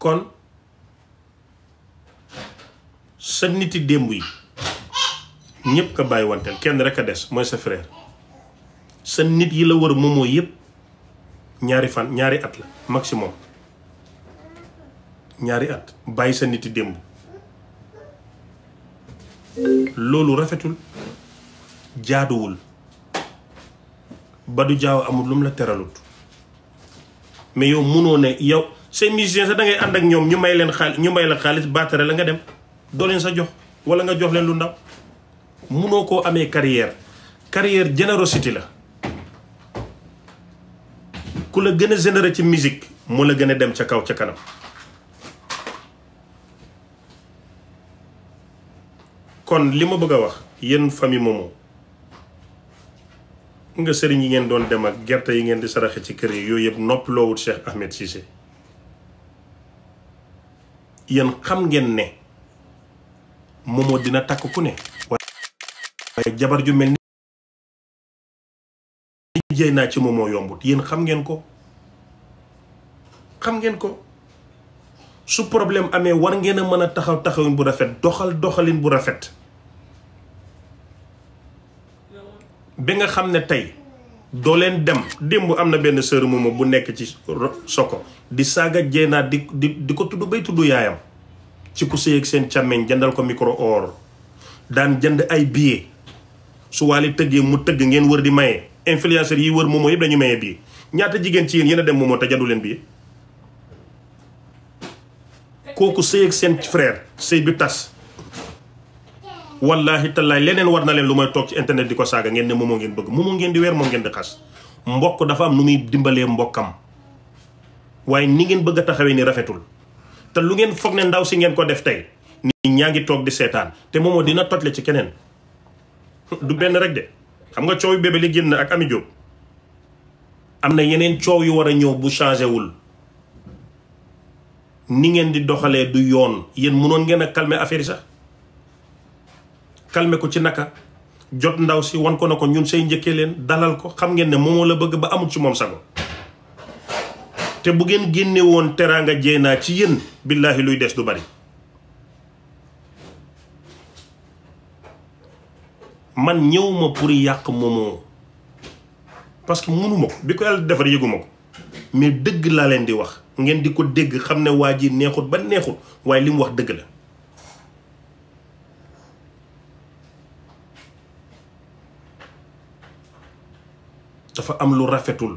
kon sa niti démb yi ñépp ko bàyyi wanteel kenn rekk a des mooy sa frère sa nit yi la war a moomoo yépp ñaari fan ñaari at la maximum ñaari at bàyyi sa nit démb loolu rafetul jaaduwul du Diaw amul lu mu la teralut mais yow munoo ne yow say musiciens sax da ngay ànd ak ñoom ñu may leen xaalis ñu may la xaalis baatere la nga dem doo leen sa jox wala nga jox leen lu ndaw munoo koo amee carrière carrière générosité la ku la gën a généré ci musique moo la gën a dem ca kaw ca kanam kon li ma bëgg a wax yéen famille Momo nga sëriñ yi ngeen doon dem ak gerte yi ngeen di saraxe ci kër yi yooyu yëpp nopploowut Cheikh Ahmed Cissé yéen xam ngeen ne Momo dina takk ku ne waaye jabar ju mel ni jéy naa ci Momo yombut yéen xam ngeen ko xam ngeen ko su problème amee war ngeen a mën a taxaw taxawin bu rafet doxal doxalin bu rafet bi nga xam ne tey doo leen dem démb am na benn sër mooma bu nekk ci soko di saaga jéenaat di di di ko tudd bay tudd yaayam ci ku sëy seen càmmeñ jëndal ko micro or daan jënd ay billet su tëggee mu tëgg ngeen wër di maye influenceurs yi wër moomoo yëpp dañu maye billet ñaata jigéen ci yéen yéen a dem moomoo te jëndu leen billet kooku sëy ak seen frère sëy bi tas wallahi tallaay leneen war na leen lu may toog ci internet di ko saaga ngeen ne moomoo ngeen bëgg moomoo ngeen di weer moo ngeen di xas mbokk dafa am nu muy dimbalee mbokkam waaye ni ngeen bëgg a taxawee ni rafetul te lu ngeen foog ne ndaw si ngeen ko def tey ni ñaa ngi toog di seetaan te moomoo dina toj la ci keneen du benn rek de xam nga coow yu bébé li génn ak Ami Diop am na yeneen coow yu war a ñëw bu changé wul ni ngeen di doxalee du yoon yéen mënoon ngeen a calmer affaire sax calmer ko ci naka jot ndaw si wan ko na ko ñun say njëkkee leen dalal ko xam ngeen ne moomoo la bëgg ba amul ci moom sago te bu ngeen génne woon teraanga jéenaa ci yéen billaahi luy des du bari man ñëwuma ma pour yàq moomoo parce que mënuma ko bi ko yàlla defar yëguma ko mais dëgg laa leen di wax ngeen di ko dégg xam ne waa ji neexut ba neexut waaye li mu wax dëgg la dafa am lu rafetul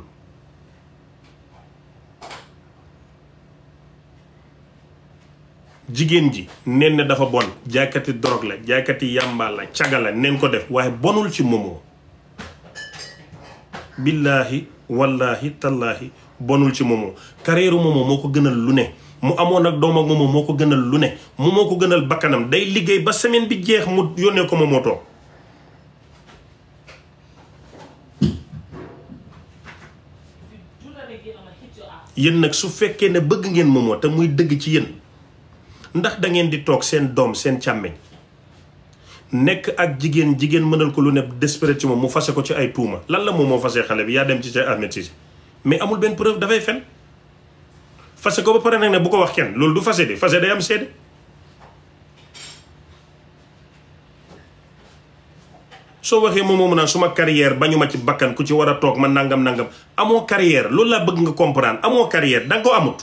jigéen ji nen ne dafa bon jaaykati drogue la jaaykati yàmba cagala neen ko def waaye bonul ci moomoo billaahi wallaahi tallaahi bonul ci moomoo carrière moomoo moo ko gënal lu ne mu amoon ak doom moomoo moo ko gënal lu ne mu moo ko gënal bakkanam day liggéey ba semaine bi jeex mu yónnee ko moomoo toog yéen nag su fekkee ne bëgg ngeen moomoo te muy dëgg ci yéen ndax da ngeen di toog seen doom seen càmmeñ nekk ak jigéen jigéen mënal ko lu ne désespéré ci moom mu fase ko ci ay tuuma lan la moom moo fase xale bi yaa dem ci Cheikh Ahmed Cissé mais amul benn preuve dafay fen fase ko ba pare nag ne bu ko wax kenn loolu du fase de fase day am seede soo waxee moom moom naan suma carrière bañu ma ci bakkan ku ci war a toog ma nangam nangam amoo carrière loolu laa bëgg nga comprendre amoo carrière da ko amut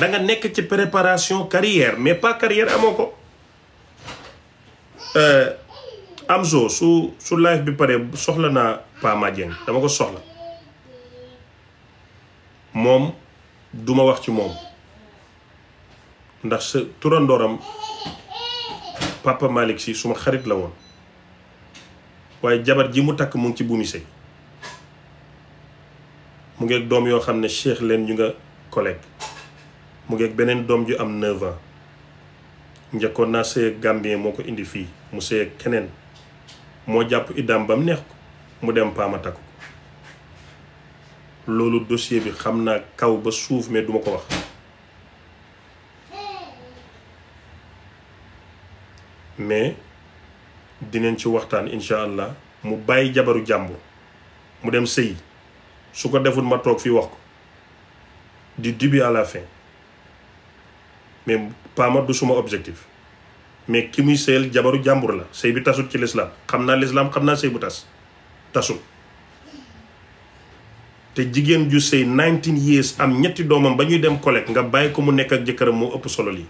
da nga nekk ci préparation carrière mais pas carrière amoo ko. Euh, am su su live bi pare soxla naa Paa Madiène dama ko soxla moom duma wax ci moom ndax sa turandooram papa Malick si suma xarit la woon. waaye jabar ji mu takk mu ci buumi sëy mu ngeeg doom yoo xam ne cheikh leen ñu nga collègue mu ngeeg beneen doom ju am 9 ans njëkkoon naa sëy ak moo ko indi fii mu sëy keneen moo jàpp iddaam ba neex ko mu dem paama takk ko loolu dossier bi xam naa kaw ba suuf mais duma ko wax mais dinañ ci waxtaan incha allah mu bàyyi jabaru jàmbur mu dem sëyi su ko deful ma toog fi wax ko du début à la fin mais paama suma objectif mais ki muy sëyal jabaru jàmbur la sëy bi tasut ci lislaam xam naa lislaam xam naa sëy bu tas tasut te jigéen ju sëy 19 years am ñetti doomam ba ñuy dem collègue nga bàyyi ko mu nekk ak jëkkëram moo ëpp solo lii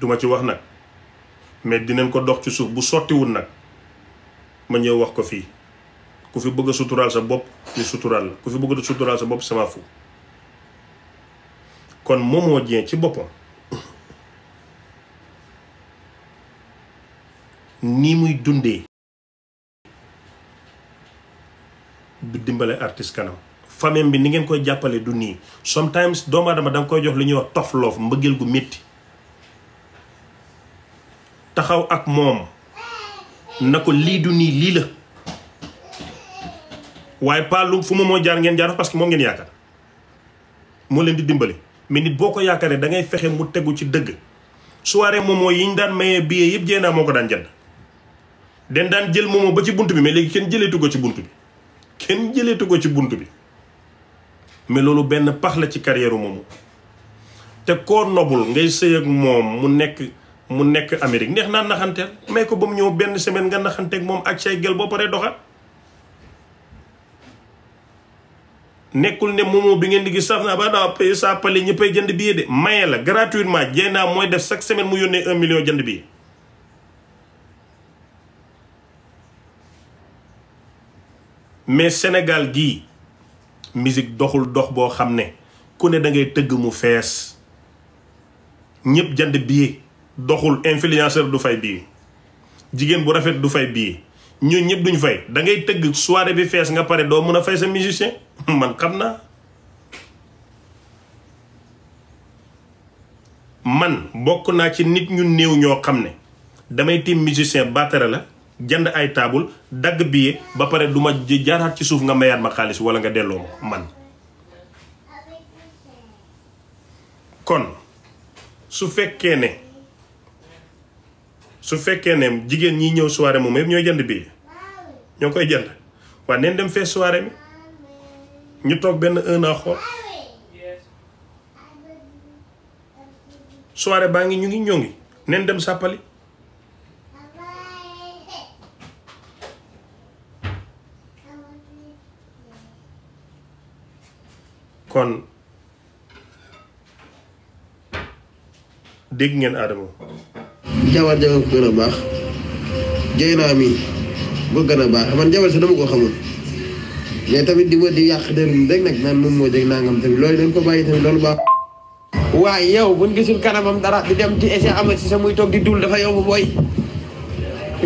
duma ci wax nag mais dinañ ko dox ci suuf bu sottiwul nag ma ñëw wax ko fii ku fi bëgg a suturaal sa bopp ñu suturaal la ku fi bëgg a suturaal sa bopp sama fu kon Momo Dieng ci boppam ni muy dundee du dimbale artiste kanam famille bi ni ngeen koy jàppale du nii sometimes doomu aadama danga koy jox li ñuy wax tof loof mbëggeel gu metti taxaw ak moom na ko lii du nii lii la waaye pas fu ma moo jaar ngeen jaar parce que moom ngeen yaakaar moo leen di dimbali mais nit boo ko yaakaaree da ngay fexe mu tegu ci dëgg soirée moomoo yi ñu daan mayee billet yëpp naa moo ko daan jënd den daan jël moomoo ba ci bunt bi mais léegi kenn jëleetu ko ci bunt bi kenn jëleetu ko ci bunt bi mais loolu benn pax la ci carrière moomu te koo nobul ngay sëy ak moom mu nekk mu nekk amerique neex naa naxanteel may ko ba mu ñëw benn semaine nga naxanteeg moom ak say gel boo paree doxal nekkul ne moomoo bi ngeen di gis saf naa ba daa saa pale ñëppay jënd billet de la gratuitement jey naa mooy def chaque semaine mu yónnee un million jënd billet mais Sénégal gii musique doxul dox boo xam ne ku ne dangay tëgg mu fees ñëpp jand bii doxul influenceur du fay bii jigéen bu rafet du fay bii ñun ñëpp duñ fay da ngay tëgg soirée bi fees nga pare doo mën a fay sa musicien man xam naa man bokk naa ci nit ñu néew ñoo xam ne damay tiim musicien batare la jënd ay taabul dagg billet ba pare du ma jaaraat ci suuf nga mayaat ma xaalis wala nga delloo ma man kon su fekkee ne su fekkee ne jigéen ñi ñëw soirée moom yëpp ñooy jënd bii ñoo koy jënd waaye neen dem fee soirée ñu toog benn baa ngi ñu ngi ñoo ngi neen dem sàppali kon dégg ngeen Adama jawar ja ko gën a baax Dieyna mi ko gën a baax man jawar sax dama ko xamul mais tamit di ma di yàq dëgg rek nag naan moom moo jeg nangam tamit loolu dañ ko bàyyi tamit loolu baax. waaye yow buñ gisul kanamam dara dem ci essai amal sa muy toog di dul dafa yomb booy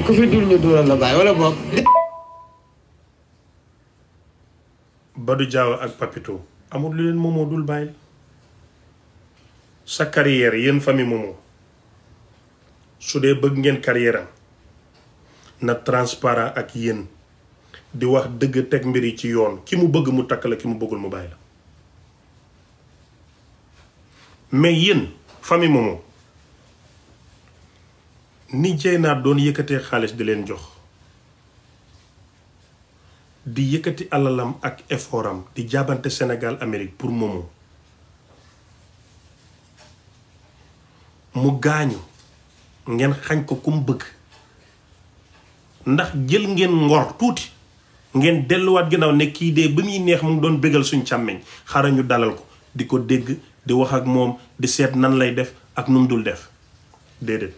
ku fi dul ñu wala boog. Badou Diaw ak Papito amul lu leen moomoo dul bàyyi sa carrière yéen famille moomoo. su dee bëgg ngeen carrière na transparent ak yéen di wax dëgg teg mbir yi ci yoon ki mu bëgg mu takk la ki mu bëggul mu bàyyi la mais yéen famille Momo ni Dieyna doon yëkkatee xaalis di leen jox di yëkkati alalam ak effortam di jaabante senegal Amérique pour Momo mu gaañu ngeen xañ ko kum bëgg ndax jël ngeen ngor tuuti ngeen delluwaat ginnaaw ne kii dee ba muy neex mu doon bégal suñu càmmeñ xara ñu dalal ko di ko dégg di wax ak moom di seet nan lay def ak nu mu dul def déedéet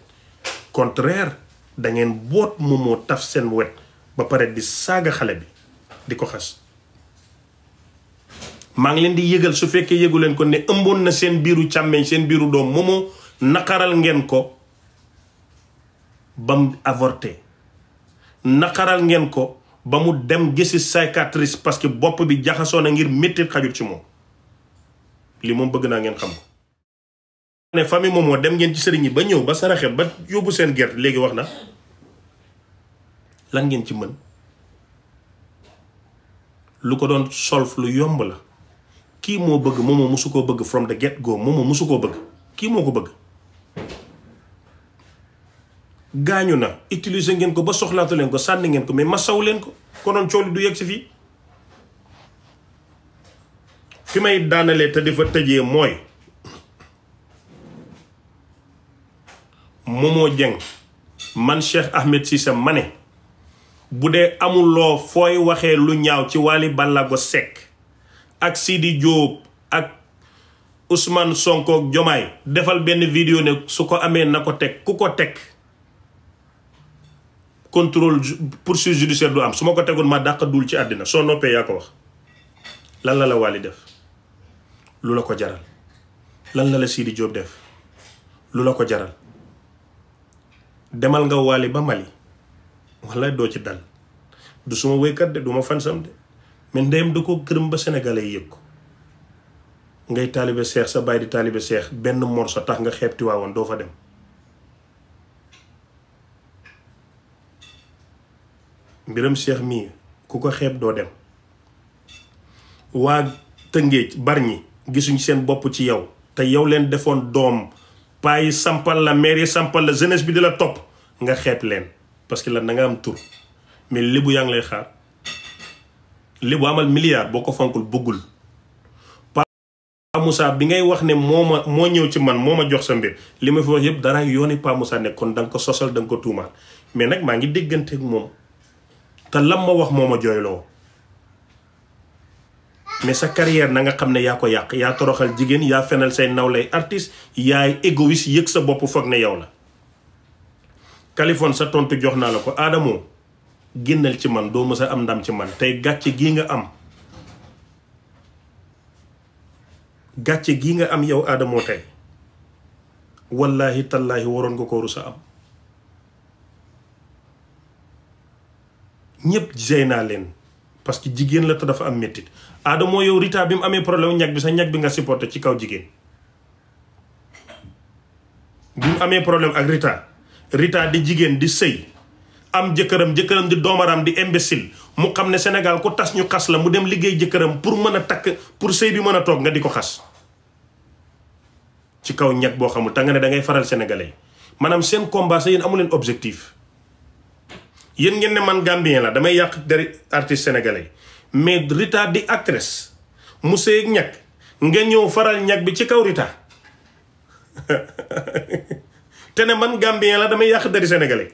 contraire dangeen ngeen boot moomoo taf seen wet ba pare di saaga xale bi di ko xas maa ngi leen di yëgal su fekkee yëgu leen ko ne ëmboon na seen biiru càmmeñ seen biiru doom moomoo naqaral ngeen ko ba mu avorté naqaral ngeen ko ba mu dem gisi psychiatriste parce que bopp bi jaxasoo na ngir métti xajul ci moom li moom bëgg naa ngeen xam ne famille moom moo dem ngeen ci sëriñ yi ba ñëw ba saraxe ba yóbbu seen gert léegi wax na lan ngeen ci mën lu ko doon solve lu yomb la kii moo bëgg moom moo koo bëgg from the get go moom moo musu koo bëgg kii moo ko bëgg. gaañu na utiliser ngeen ko ba soxlaatu leen ko sànni ngeen ko mais ma saw leen ko konoon coow du yegg si fii fi may daanalee te di fa tëjee mooy Momo Dieng man Cheikh Ahmed Cissé ma ne bu dee amuloo fooy waxee lu ñaaw ci Wally Ballago Seck ak Sidi jóob ak Ousmane Sonko ak Jomaay defal benn vidéo ne su ko amee na ko teg ku ko teg contrôle poursuite judiciaire du am su ma ko tegoon ma dàq dul ci àddina soo noppee yaa ko wax lan la la Wally def lu la ko jaral lan la la Sidi Diop def lu la ko jaral demal nga Wally ba Mali wala doo ci dal du suma wéykat de du ma fansam de mais ndeyam du ko gërëm ba sénégalais yëg ko ngay taalibe seex sa baay di taalibe seex benn morso tax nga xeeb Tiwaawoon doo fa dem mbiram cheikh mii ku ko xeeb doo dem waa tëngéej bar ñi gisuñu seen bopp ci yow te yow leen defoon doom paa yi sampal la maire sampal la jeunesse bi di la topp nga xeeb leen parce que lan da nga am tur mais libu yaa ngi lay xaar libu amal milliard boo ko fonkul bëggul Pa Moussa bi ngay wax ne moo ma moo ñëw ci man moo ma jox sa mbir li ma fi wax yëpp dara yooni Pa Moussa ne kon da nga ko sosal da ko tuumaal mais nag maa ngi dégganteeg moom te lam ma wax moo ma jooyloo mais sa carrière na nga xam ne yaa ko yàq yaa toroxal jigéen yaa fenal say nawlay artiste yaay égoïste yëg sa bopp foog ne yow la Kaliphone sa tontu jox naa la ko Adamo génnal ci man doo mës am ndam ci man tey gàcce gii nga am gàcce gii nga am yow Adamo tey wallaahi tallaahi waroon nga ko rusa am ñëpp jey naa leen parce que jigéen la te dafa am méttit Adamo yow Rita bi mu amee problème ñag bi sa ñag bi nga supporté ci kaw jigéen bi amee problème ak Rita Rita di jigéen di sëy am jëkkëram jëkkëram di doomaram di imbécile mu xam ne Sénégal ku tas ñu xas la mu dem liggéey jëkkëram pour mën a takk pour sëy bi mën a toog nga di ko xas ci kaw ñag boo xamul te nga ne da ngay faral sénégalais maanaam seen combat sa yéen amu leen objectif yéen ngeen ne man gambien la damay yàq deri artiste sénégalais mais Rita di actrice mu seeg ñag nga ñëw faral ñag bi ci kaw Rita te ne man gambien la damay yàq deri sénégalais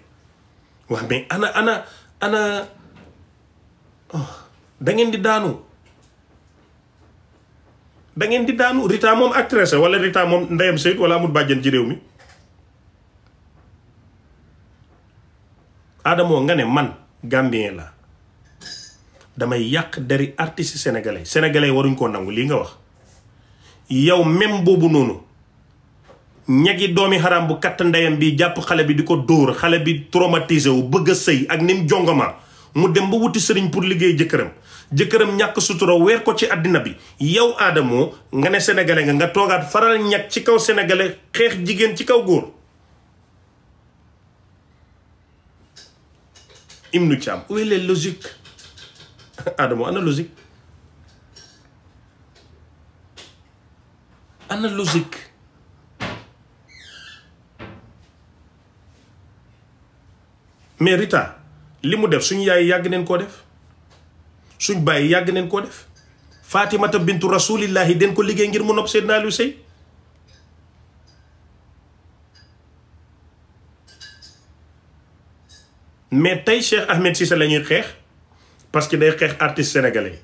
waaw mais ana ana ana oh, da ngeen di daanu da ngeen di daanu Rita moom actrice wala Rita moom ndeyam sëyit wala amul bàjjen ci réew mi Adamo nga ne man Gambien la damay yàq dari artiste sénégalais sénégalais waruñ koo nangu lii nga wax yow même boobu noonu ñagi doomi xaraam bu katt ndeyam bi jàpp xale bi di ko dóor xale bi traumatisé wu bëgg a sëy ak nim jongoma mu dem ba wuti sëriñ pour liggéey jëkkëram jëkkëram ñàkk sutura weer ko ci àddina bi yow Adamo nga ne sénégalais nga nga toogaat faral ñag ci kaw sénégalais xeex jigéen ci kaw góor Ibn Thiam où est les logiques Adamo ana logique ana mais Rita li mu def suñu yaay yàgg neen koo def suñ baay yàgg neen koo def Fatimata bintu rasulillahi den ko liggéey ngir mu nopp Seydina Aliou Sey mais tey Cheikh Ahmed Cissé la ñuy xeex parce que day xeex artiste sénégalais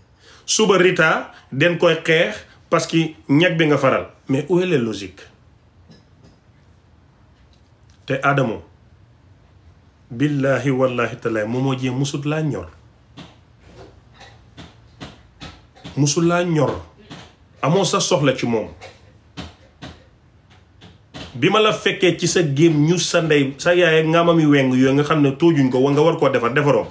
suba Rita den koy xeex parce que ñag bi nga faral mais où est la logique te Adamo billaahi wallaahi taalaay moomoo jee musut laa ñor musul laa ñor amoo sa soxla ci moom bi ma la fekkee ci sa géem ñu sa ndey sa yaay nga mami weng yooyu nga xam ne toojuñ ko wa nga war koo defar defaroo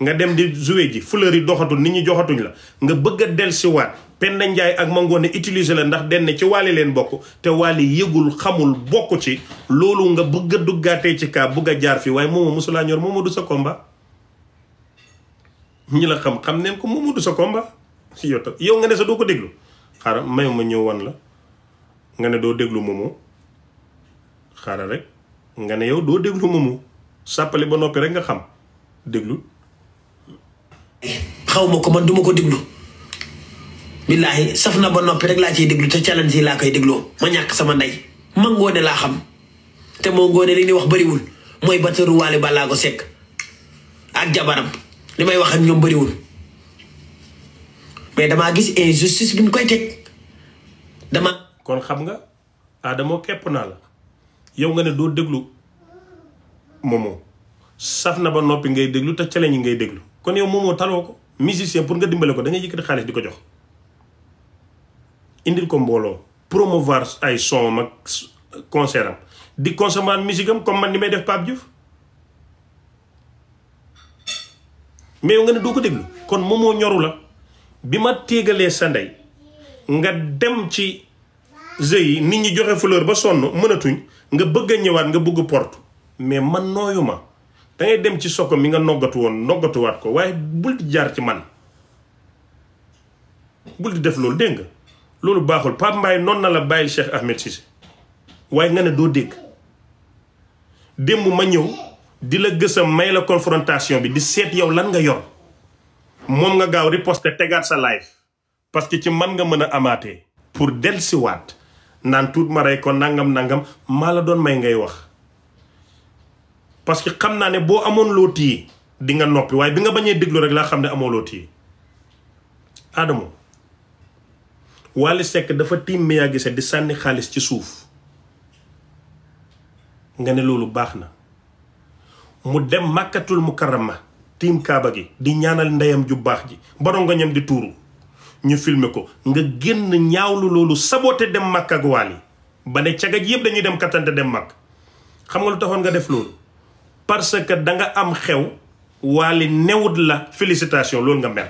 nga dem di jouer ji fleur yi doxatul nit ñi joxatuñ la nga bëgg a dellusiwaat Penda Njaay ak Mangoone utiliser la ndax denn ci waali leen bokk te waali yëgul xamul bokk ci loolu nga bëgg a duggaatee ci kaa bëgg a jaar fi waaye moomu mosulaa ñor moomu du sa combat ñi la xam xam neen ko moomu du sa komba si yow yow nga ne sa doo ko déglu xaaral may ma ñëw wan la nga ne doo déglu moomu xaaral rek nga ne yow doo déglu moomu sàppali ba noppi rek nga xam déglu xaw ma ko man duma ko déglu billaahi saf na ba noppi rek laa ciy déglu te challenge yi laa koy dégloo ma ñàkk sama ndey man ngoone laa xam te moo ngoone li ñuy wax bariwul mooy bateeru waale balaa ko sekk ak jabaram li may wax ak ñoom bariwul mais damaa gis injustice bi ñu koy teg dama kon xam nga Adamo képp naa la yow nga ne doo déglu moomoo saf na ba noppi ngay déglu te challenge yi ngay déglu kon yow moomoo taloo ko musicien pour nga dimbale ko da ngay yëkkati xaalis di ko jox indil ko mbooloo promouvoir ay son ak concert di consommer musique am comme man ni may def Pape Diouf mais yow nga ne doo ko déglu kon moomoo ñoru la bi ma téegalee sa ndey nga dem ci jeu yi nit ñi joxe fleur ba sonn mënatuñ nga bëgg ñëwaat nga bëgg porte mais man nooyu ma dangay dem ci soko mi nga noggatu woon noggatuwaat ko waaye bul di jaar ci man bul di def loolu dégg nga loolu baaxul Pape Mbaye noonu na la bàyyil Cheikh Ahmed Cissé waaye nga ne doo dégg démb ma ñëw di la gësam may la confrontation bi di seet yow lan nga yor moom nga gaaw riposte tegaat sa live parce que ci man nga mën a amaatee pour dellusiwaat naan tuut ma rey ko nangam nangam maa la doon may ngay wax parce que xam naa ne boo amoon loo téye di noppi waaye bi nga bañee déglu rek laa xam ne amoo loo téye Adamo Wally Seck dafa tiim Mia Guissé di sànni xaalis ci suuf nga ne loolu baax na mu dem màkkatul mukarrama tiim kaaba gi di ñaanal ndeyam ju baax ji barongoñam di tuuru ñu filme ko nga génn ñaaw lu loolu saboote dem màkk ak waali ba ne cagaj yëpp dañuy dem kattante dem màkk xam nga lu taxoon nga def loolu parce que danga am xew waali newut la félicitation loolu nga mer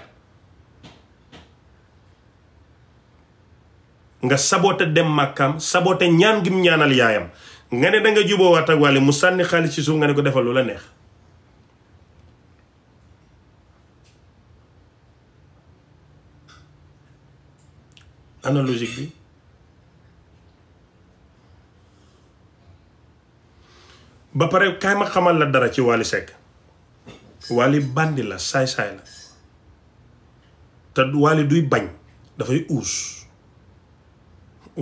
nga saboté dem màkkaam saboté ñaan gim ñaanal yaayam nga ne da nga juboowaat ak waali mu sànni xaalis ci suuf nga ne ko defal lu la neex analogique bi ba pare kaay ma xamal la dara ci Wally Seck Wally bandi la saay-saay la te Wally duy bañ dafay uus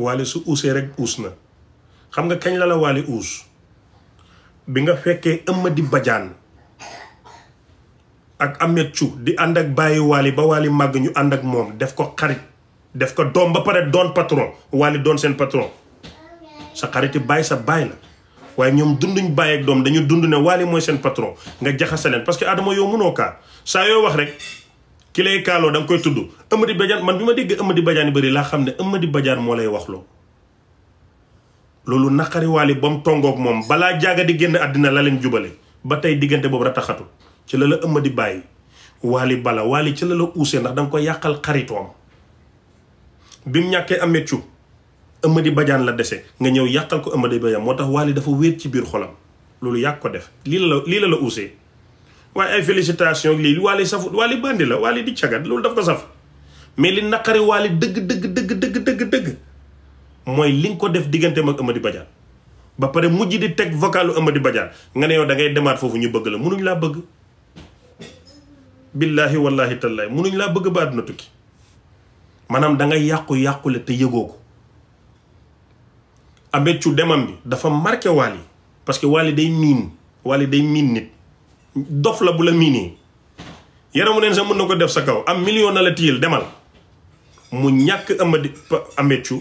Wally su uusee rek uus na xam nga kañ la la Wally uus bi nga fekkee Amady Badiane ak Ameth Thiou di ànd ak bàyyi Wally ba Wally màgg ñu ànd ak moom def ko xarit def ko doom ba pare doon patron walla doon seen patron sa xariti bàyyi sa baay la waaye ñoom dunduñ baay doom dañu dund ne waali mooy seen patron nga jaxase leen parce que Adama yow mënoo kaa saa yoo wax rek ki lay kaaloo danga koy tudd Amady Badiane man bi ma dégg Amady Badiane yi bëri laa xam ne Amady Badiane moo lay waxloo loolu naqari waali ba mu tongoog moom balaa jaaga di génn àddina la leen jubale ba tey diggante boobu rataxatu ci la la Amady bàyyi waali bala waali ci la la uusee ndax yàqal xaritoom bi mu ñàkkee Ameth Thiou Amady Badiane la dese nga ñëw yàqal ko Amady Badiane moo tax Wally dafa wéet ci biir xolam loolu yàq ko def lii la la lii la la uusee waaye ay félicitations lii Wally safu Wally bandi la Wally di cagat loolu daf ko saf mais li naqari Wally dëgg dëgg dëgg dëgg dëgg dëgg mooy li nga ko def digganteem ak Amady Badiane ba pare mujj di teg vocalu Amady Badiane nga ne yow da ngay demaat foofu ñu bëgg la mënuñu laa bëgg billaahi wallaahi tallaahi munuñ laa bëgg ba àdduna tukki maanaam da nga yàqu-yàqule te yëgoo ko Ameth Thiou demam bi dafa marqué Wally parce que Wally day miin Wally day miin nit dof la bu la miinee yaramu neen sax mën na ko def sa kaw am million na la tiyal demal mu ñàkk Amady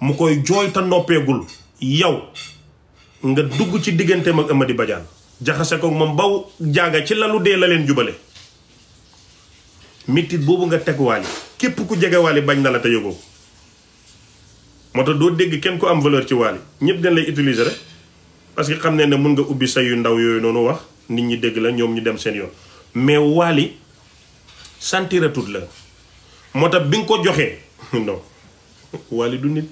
mu koy jooy te noppeegul yow nga dugg ci digganteem ak Amady Badiane jaxase ko moom baw jaaga ci lalu dee la leen jubale méttit boobu nga teg waali képp ku jege waali bañ na la te yëgoo moo tax doo dégg kenn ku am valeur ci waali ñëpp dañ lay utiliser rek parce que xam ne ne mun nga ubbi say yu ndaw yooyu noonu wax nit ñi dégg la ñoom ñu dem seen yoon mais waali santiratud la moo tax bi nga ko joxee non waali du nit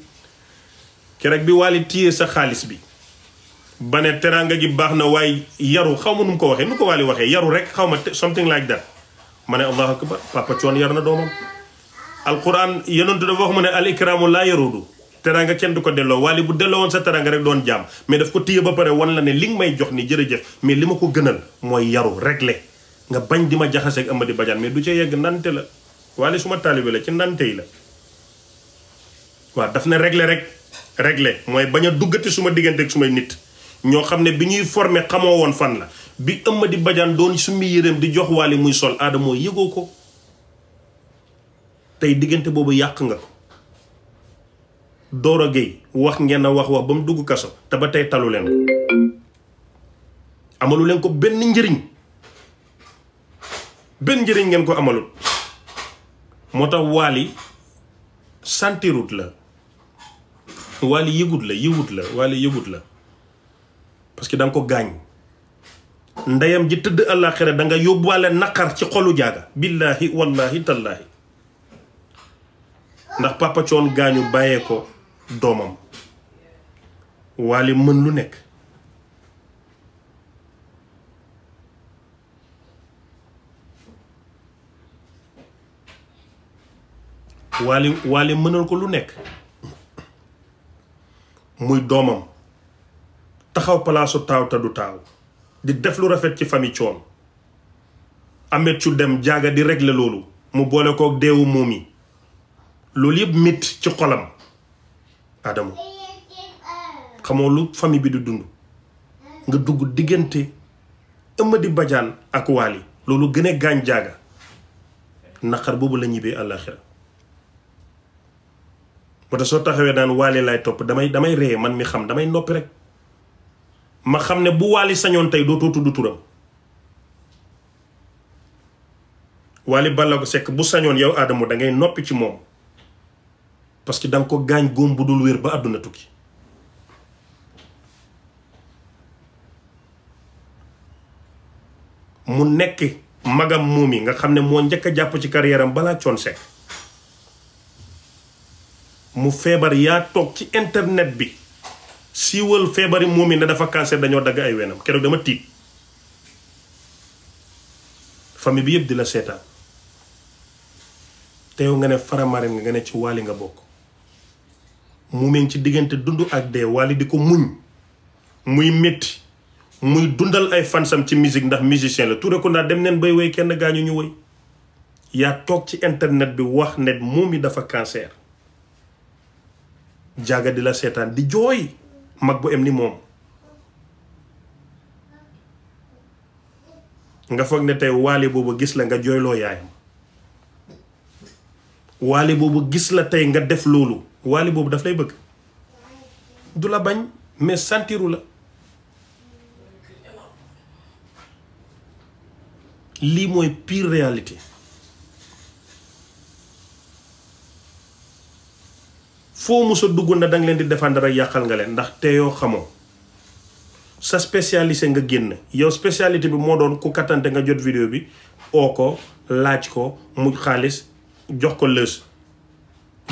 keroog bi waali téye sa xaalis bi ba ne teraanga gi baax na waaye yaru xaw ma nu mu ko waxee nu ko waali waxee yaru rek xaw ma something like that ma ne allahu akbar papa coon yar na doomam alquran yenentu dafa wax mu ne al ikramu laa yarudu nga kenn du ko delloo waali bu delloo woon sa teranga rek doon jaam mais daf ko téye ba wan la ne li nga may jox ni jërëjëf mais li ma ko gënal mooy yaru réglé nga bañ di ma jaxaseeg Amady Badiane mais du ca yegg nante la waali suma taalibe la ci nante yi la waaw daf ne regle rek regle mooy bañ a duggati suma diggante ak sumay nit ñoo xam ne bi ñuy formé xamoo woon fan la bi ëmma di bajaan doon summi yéreem di jox waali muy sol aadamoo yëgoo ko tey diggante boobu yàq nga ko Doro Gueye wax ngeen a wax wax ba mu dugg kaso te ba tey talu leen ko amalu leen ko benn njëriñ benn njëriñ ngeen ko amalul moo tax waali santirut la waali yëgut la yëgut la waali yëgut la parce que danga ko gaañ ndeyam ji tëdd àllaaxira danga nga yóbbuwaale naqar ci xolu jaaga billaahi wallaahi tallaahi ndax papa gaañu bàyyee ko doomam waali mën waali waali mënal ko lu nekk muy doomam taxaw palaasu taaw te du taaw di def lu rafet ci fami coon amet cu dem jaaga di régler loolu mu boole kook deewu moom yi loolu yëpp mitt ci xolam Adamo xamoo lu famille bi di dund nga dugg diggante di bajaan ak Waly loolu gën a gaañ jaaga naqar boobu la ñibbee àllaaxira moo tax soo taxawee daan Waly laay topp damay damay ree man mi xam damay noppi rek ma xam ne bu Wally sañoon tey dootoo tudd turam Wally Ballago sekk bu sañoon yow aadama da ngay noppi ci moom parce que danga ko gaañ góom bu dul wér ba àdduna tukki mu nekk magam moom yi nga xam ne moo njëkk jàpp ci carrière am balaa coon Seck mu feebar yaa toog ci internet bi siiwal feebari moom yi ne dafa cancer dañoo dagg ay wenam keroog dama tiit famille bi yëpp di la seetaan te yow nga ne faramarin nga ne ci waali nga bokk muumeen ci diggante dund ak dee waali di ko muñ muy métti muy dundal ay fansam ci musique ndax musicien la Touré Kunda dem neen bay woy kenn gaañu ñu woy yaa toog ci internet bi wax ne moom yi dafa cancer jaaga di la seetaan di jooy mag bu em ni moom nga foog ne tey waale boobu gis la nga jooyloo yaayam waale boobu gis la tey nga def loolu waale boobu daf lay bëgg du la bañ mais santiru la lii mooy piir réalité foo mos a dugg na danga leen di défendre ak yàqal nga leen ndax te yoo xamoo sa spécialisé nga génn yow spécialité bi moo doon ku kattante nga jot vidéo bi oo ko laaj ko mu xaalis jox ko lës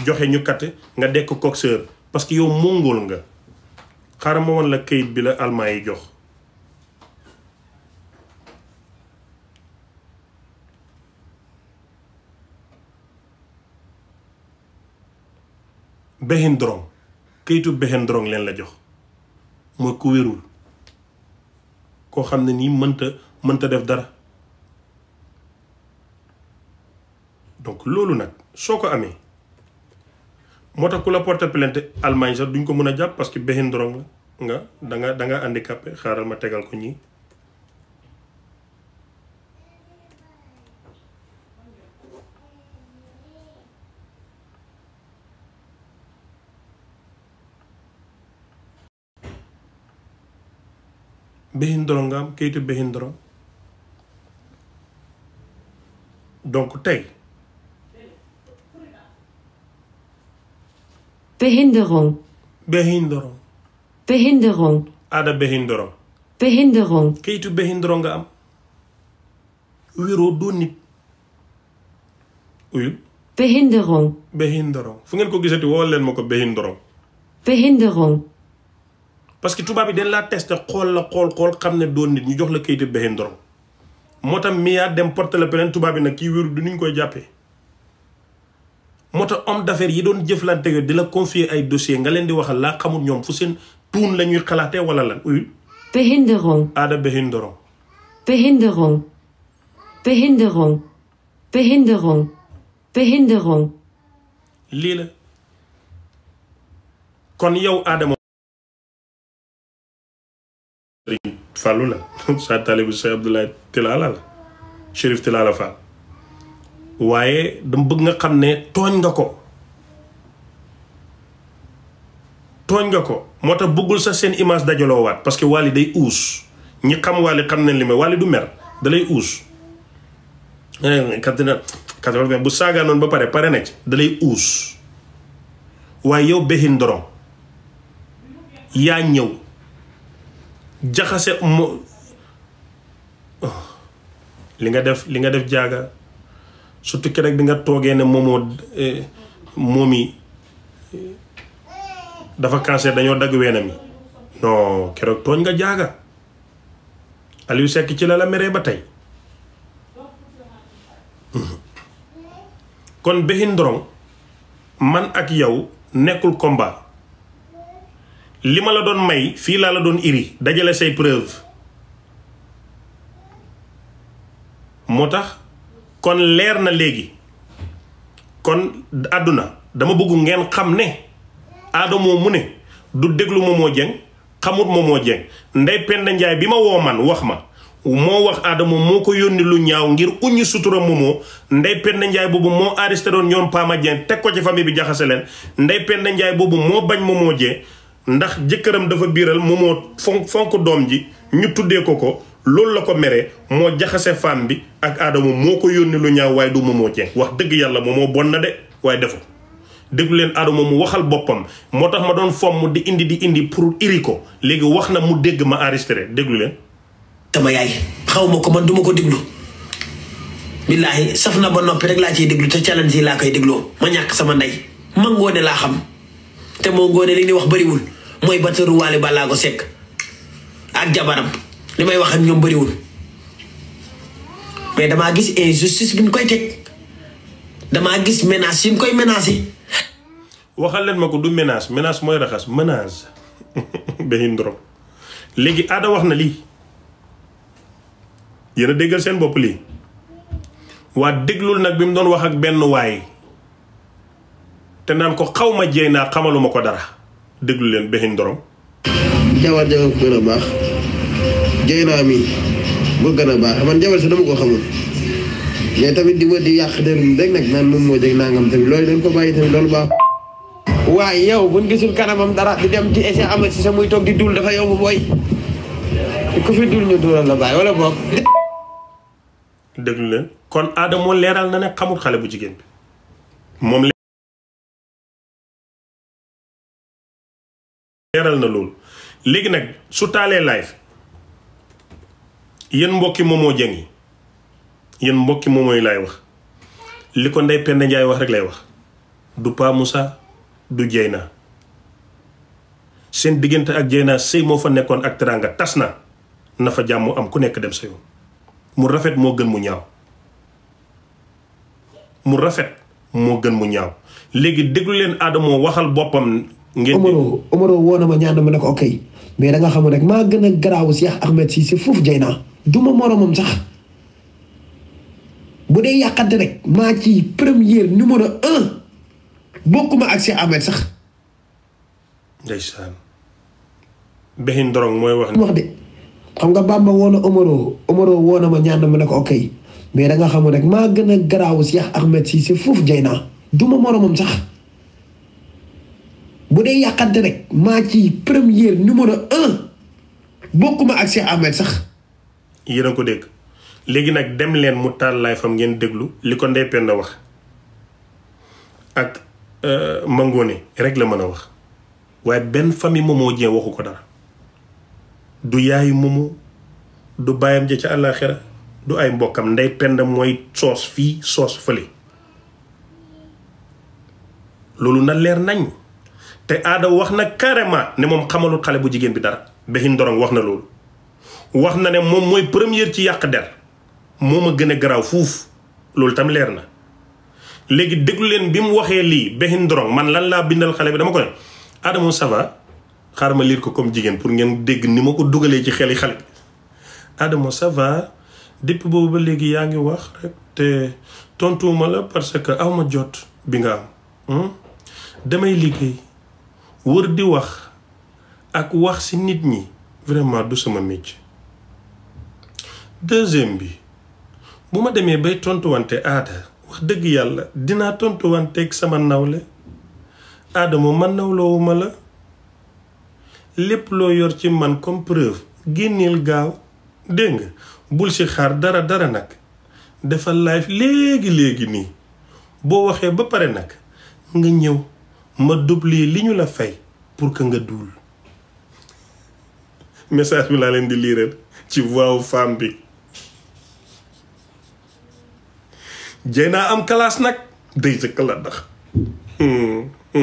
joxe ñu kat nga dekk coxeur parce que yow mongol nga xaaral ma woon la kayit bi la almaa yi jox bexin dorong kayitu bexin dorong leen la jox mooy ku wérul koo xam ne nii mënta mënta def dara donc loolu nag soo ko amee moo tax ku la porte plainte Allemagne sax duñ ko mën a jàpp parce que bexin dorong la nga danga danga handicapé xaaral ma tegal ko ñii behindorongam kayitu behindorong donc tey Behinderung. Behinderung. Behinderung. Ada Behinderung. Behinderung. kayitu Behinderung nga am. wéroo doo nit. uyul. Behinderung. fu ngeen ko gisati woo leen ma ko Behinderung. Behinderung. parce que tubaab yi den laa testé xool la xool xool xam ne doon nit ñu jox la kayitu bexeen dorong moo tax miyaa dem porté la plainte tubaab yi nag kii wéru du ñu koy jàppee moo tax homme d'affaires yi doon jëflante yooyu di la confier ay dossier nga leen di waxal laa xamul ñoom fu seen tuun la ñuy xalaatee wala lan uy Behinderung. Aada Behinderung. Behinderung. Behinderung. Behinderung. kon yow Adama. fàllu la sa taalibu Cheikh Abdoulaye Tilala la Chérif Tilala Fall waaye dama bëgg nga xam ne tooñ nga ko tooñ nga ko moo tax bëggul sax seen image dajaloo waat parce que Wally day uus ñi xam Wally xam nañ li may du mer dalay uus eh, quatre-vingt bu saagaa noonu ba pare pare na dalay uus waaye yow behin dorom yaa ñëw jaxase mo oh. li nga def li nga def jaaga surtout keroog bi nga toogee ne moomoo eh, moom yi eh, dafa cancer dañoo dagg weenam yi non keroog tooñ nga jaaga Aliou Seck ci la la meree ba tey mm-hmm. kon Béxin Ndorong man ak yow nekkul komba li ma la doon may fii laa la doon iri dajale say preuve moo tax kon leer na léegi kon àdduna dama bëgg ngeen xam ne aadamoo mu ne du déglu Momo Dieng xamut Momo Dieng Ndeye Penda Ndiaye bi ma woo man wax ma moo wax aadama moo ko yónni lu ñaaw ngir uññi sutura Momo Ndeye Penda Ndiaye boobu moo arrêté doon ñoom Pama Dieng teg ko ci famille bi jaxase leen Ndeye Penda boobu moo bañ Momo jee ndax jëkkëram dafa biiral mu fonk fonk doom ji ñu tuddee ko ko loolu la ko mere moo jaxase femme bi ak aadama moo ko yónni lu ñaaw waaye du Momo Dieng wax dëgg yàlla moom moo bon na de waaye defu déglu leen aadama mu waxal boppam moo tax ma doon fomm di indi di indi pour iri ko léegi wax na mu dégg ma enregistré déglu leen sama yaay xaw ko man duma ko déglu billaahi saf na ba noppi rek laa ciy déglu te challenge yi laa koy dégloo ma ñàkk sama ndey ma ngoone laa xam te moo ngoone li ni wax bariwul mooy batteru Wally Ballago sekk ak jabaram li may wax ak ñoom bëriwul mais damaa gis injustice bi ñu koy teg damaa gis menace yi ñu koy yi waxal leen ma ko du menace menace mooy raxas menace benn ndrom léegi aada wax na li yéen a déggal seen bopp li waa déglul nag bi mu doon wax ak benn waay te naan ko xaw ma jéy naa xamaluma ko dara. déglu leen bexiñ ndorom jabar jabar ko gën a baax jëy naa mi ba gën a baax man jabar si dama ko xamul mais tamit di ma di yàq derum rek nag naan moom moo jëg nangam tamit loolu dañ ko bàyyi tamit loolu baax waaye yow buñ gisul kanamam dara di dem ci essai amat sa muy toog di dul dafa yow bu booy ku fi dul ñu dural la bàyyi wala boog déglu leen kon aada moo leeral na ne xamul xale bu jigéen bi moom teral na loolu léegi nag su taalee live yéen mbokki moomoo jëng yi yéen mbokki moomooy laay wax li ko ndey Penda Njaay wax rek lay wax du paa musa du Dieyna seen diggante ak Dieyna sëy moo fa nekkoon ak teraanga tas na na fa jàmm am ku nekk dem sa yoon mu rafet moo gën mu ñaaw mu rafet moo gën mu ñaaw léegi déglu leen waxal boppam ngeen Omaro Omaro woo na ma ñaan ma ne ko ok mais da nga xamul rek maa gën a garaawu Cheikh Ahmed Cissé foofu jay naa du ma moromam sax bu dee yàqante rek maa ci première numéro bokkuma ak Cheikh Ahmed sax. ndeysaan. Behin mooy wax. wax xam nga Bamba woo na Omaro Omaro woo na ma ñaan ma ne ko ok mais da nga xamul rek maa gën a garaawu Cheikh Ahmed Cissé foofu jay naa duma ma sax. bu dee yàqante rek maa ci première numéro un bokkuma ak Cheikh Ahmed sax. yéen a ko dégg léegi nag dem leen mu tàllaay fam ngeen déglu li ko Ndeye Penda wax ak euh, Mangone rek la mën a wax waaye benn famille Momo Dieng waxu ko dara du yaayu Momo du baayam ja ca àllaaxira du ay mbokkam Ndeye Penda mooy soos fii soos fële loolu na leer nañ. te aada wax na carrément ne moom xamalul xale bu jigéen bi dara Behin Ndorong wax na loolu wax na ne moom mooy première ci yàq der moom a gën a garaaw foofu loolu tam leer na léegi déglu leen bi mu waxee lii bexin Ndorong man lan laa bindal xale bi dama ko ne Adamo ça va xaaral ma liir ko comme jigéen pour ngeen dégg ni ma ko dugalee ci xeli xale bi Adamo ça va boobu ba léegi yaa ngi wax rek te tontuwuma la parce que awma jot bi nga am hmm? damay liggéey wër di wax ak wax ci nit ñi vraiment du sama métier deuxième bi bu ma demee bay tontuwante aada wax dëgg yàlla dinaa tontuwanteeg sama nawle aada moom man nawlowuma la lépp loo yor ci man comme preuve génneel gaaw dégg bul ci xaar dara dara nag defal live léegi léegi nii boo waxee ba pare nag nga ñëw ma doublé li ñu la fay pour que nga duul message bi laa leen di liiral ci voix femme bi jay naa am kalaas nag day jëkk la ndax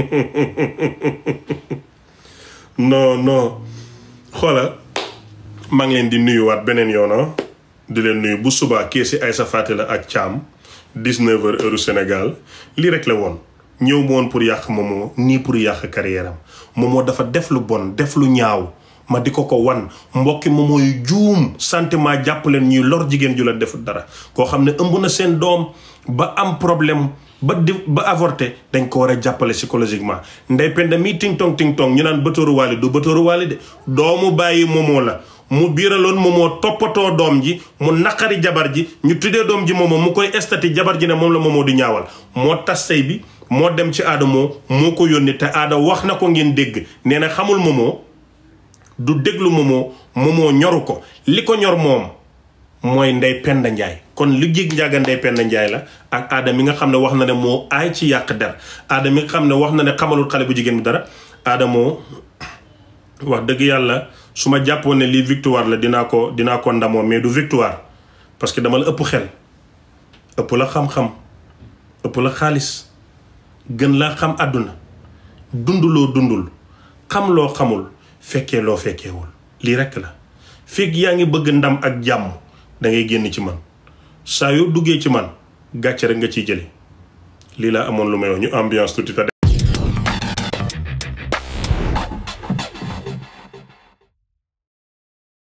non xoola maa ngi leen di nuyuwaat beneen yoon ah. di leen nuyu bu subaa kii si Aïssa Faté la ak Thiam 19h Sénégal lii rek la woon ñëw ma pour yàq moom nii pour yàq carrière am Momo dafa def lu bon def lu ñaaw ma di ko ko wan mbokki Momo yu juum sentiment jàpp leen ñuy lor jigéen ju la defut dara koo xam ne ëmb na seen doom ba am problème ba di ba avorté dañ ko war a jàppale psychologiquement ndey penda mii ting tong ting tong ñu naan bëtóoru waali du bëtóoru waali de doomu bàyyi Momo la mu biiraloon Momo toppatoo doom ji mu naqari jabar ji ñu tuddee doom ji Momo mu koy estati jabar ji ne moom la moom du ñaawal moo tas sëy bi moo dem ci aada moo moo ko yónnee te aada wax na ko ngeen dégg nee na xamul moomoo du déglu moomoo moomoo ñoru ko li ko ñor moom mooy ndey penda njaay kon lu jig njàgga ndey penda njaay la ak aada mi nga xam ne wax na ne moo aay ci yàq der aada mi xam ne wax na ne xamalul xale bu jigéen bi dara aada wax dëgg yàlla su ma jàppoon ne lii victoire la dinaa ko dinaa ko ndamoo mais du victoire parce que dama la ëpp xel ëpp la xam-xam ëpp la xaalis gën laa xam àdduna dunduloo dundul xam loo xamul fekkee loo fekkeewul lii rekk la fekk yaa ngi bëgg ndam ak jàmm dangay génn ci man saa yoo duggee ci man gàcce rek nga ciy jële lii laa amoon lu may ñu ambiance tuuti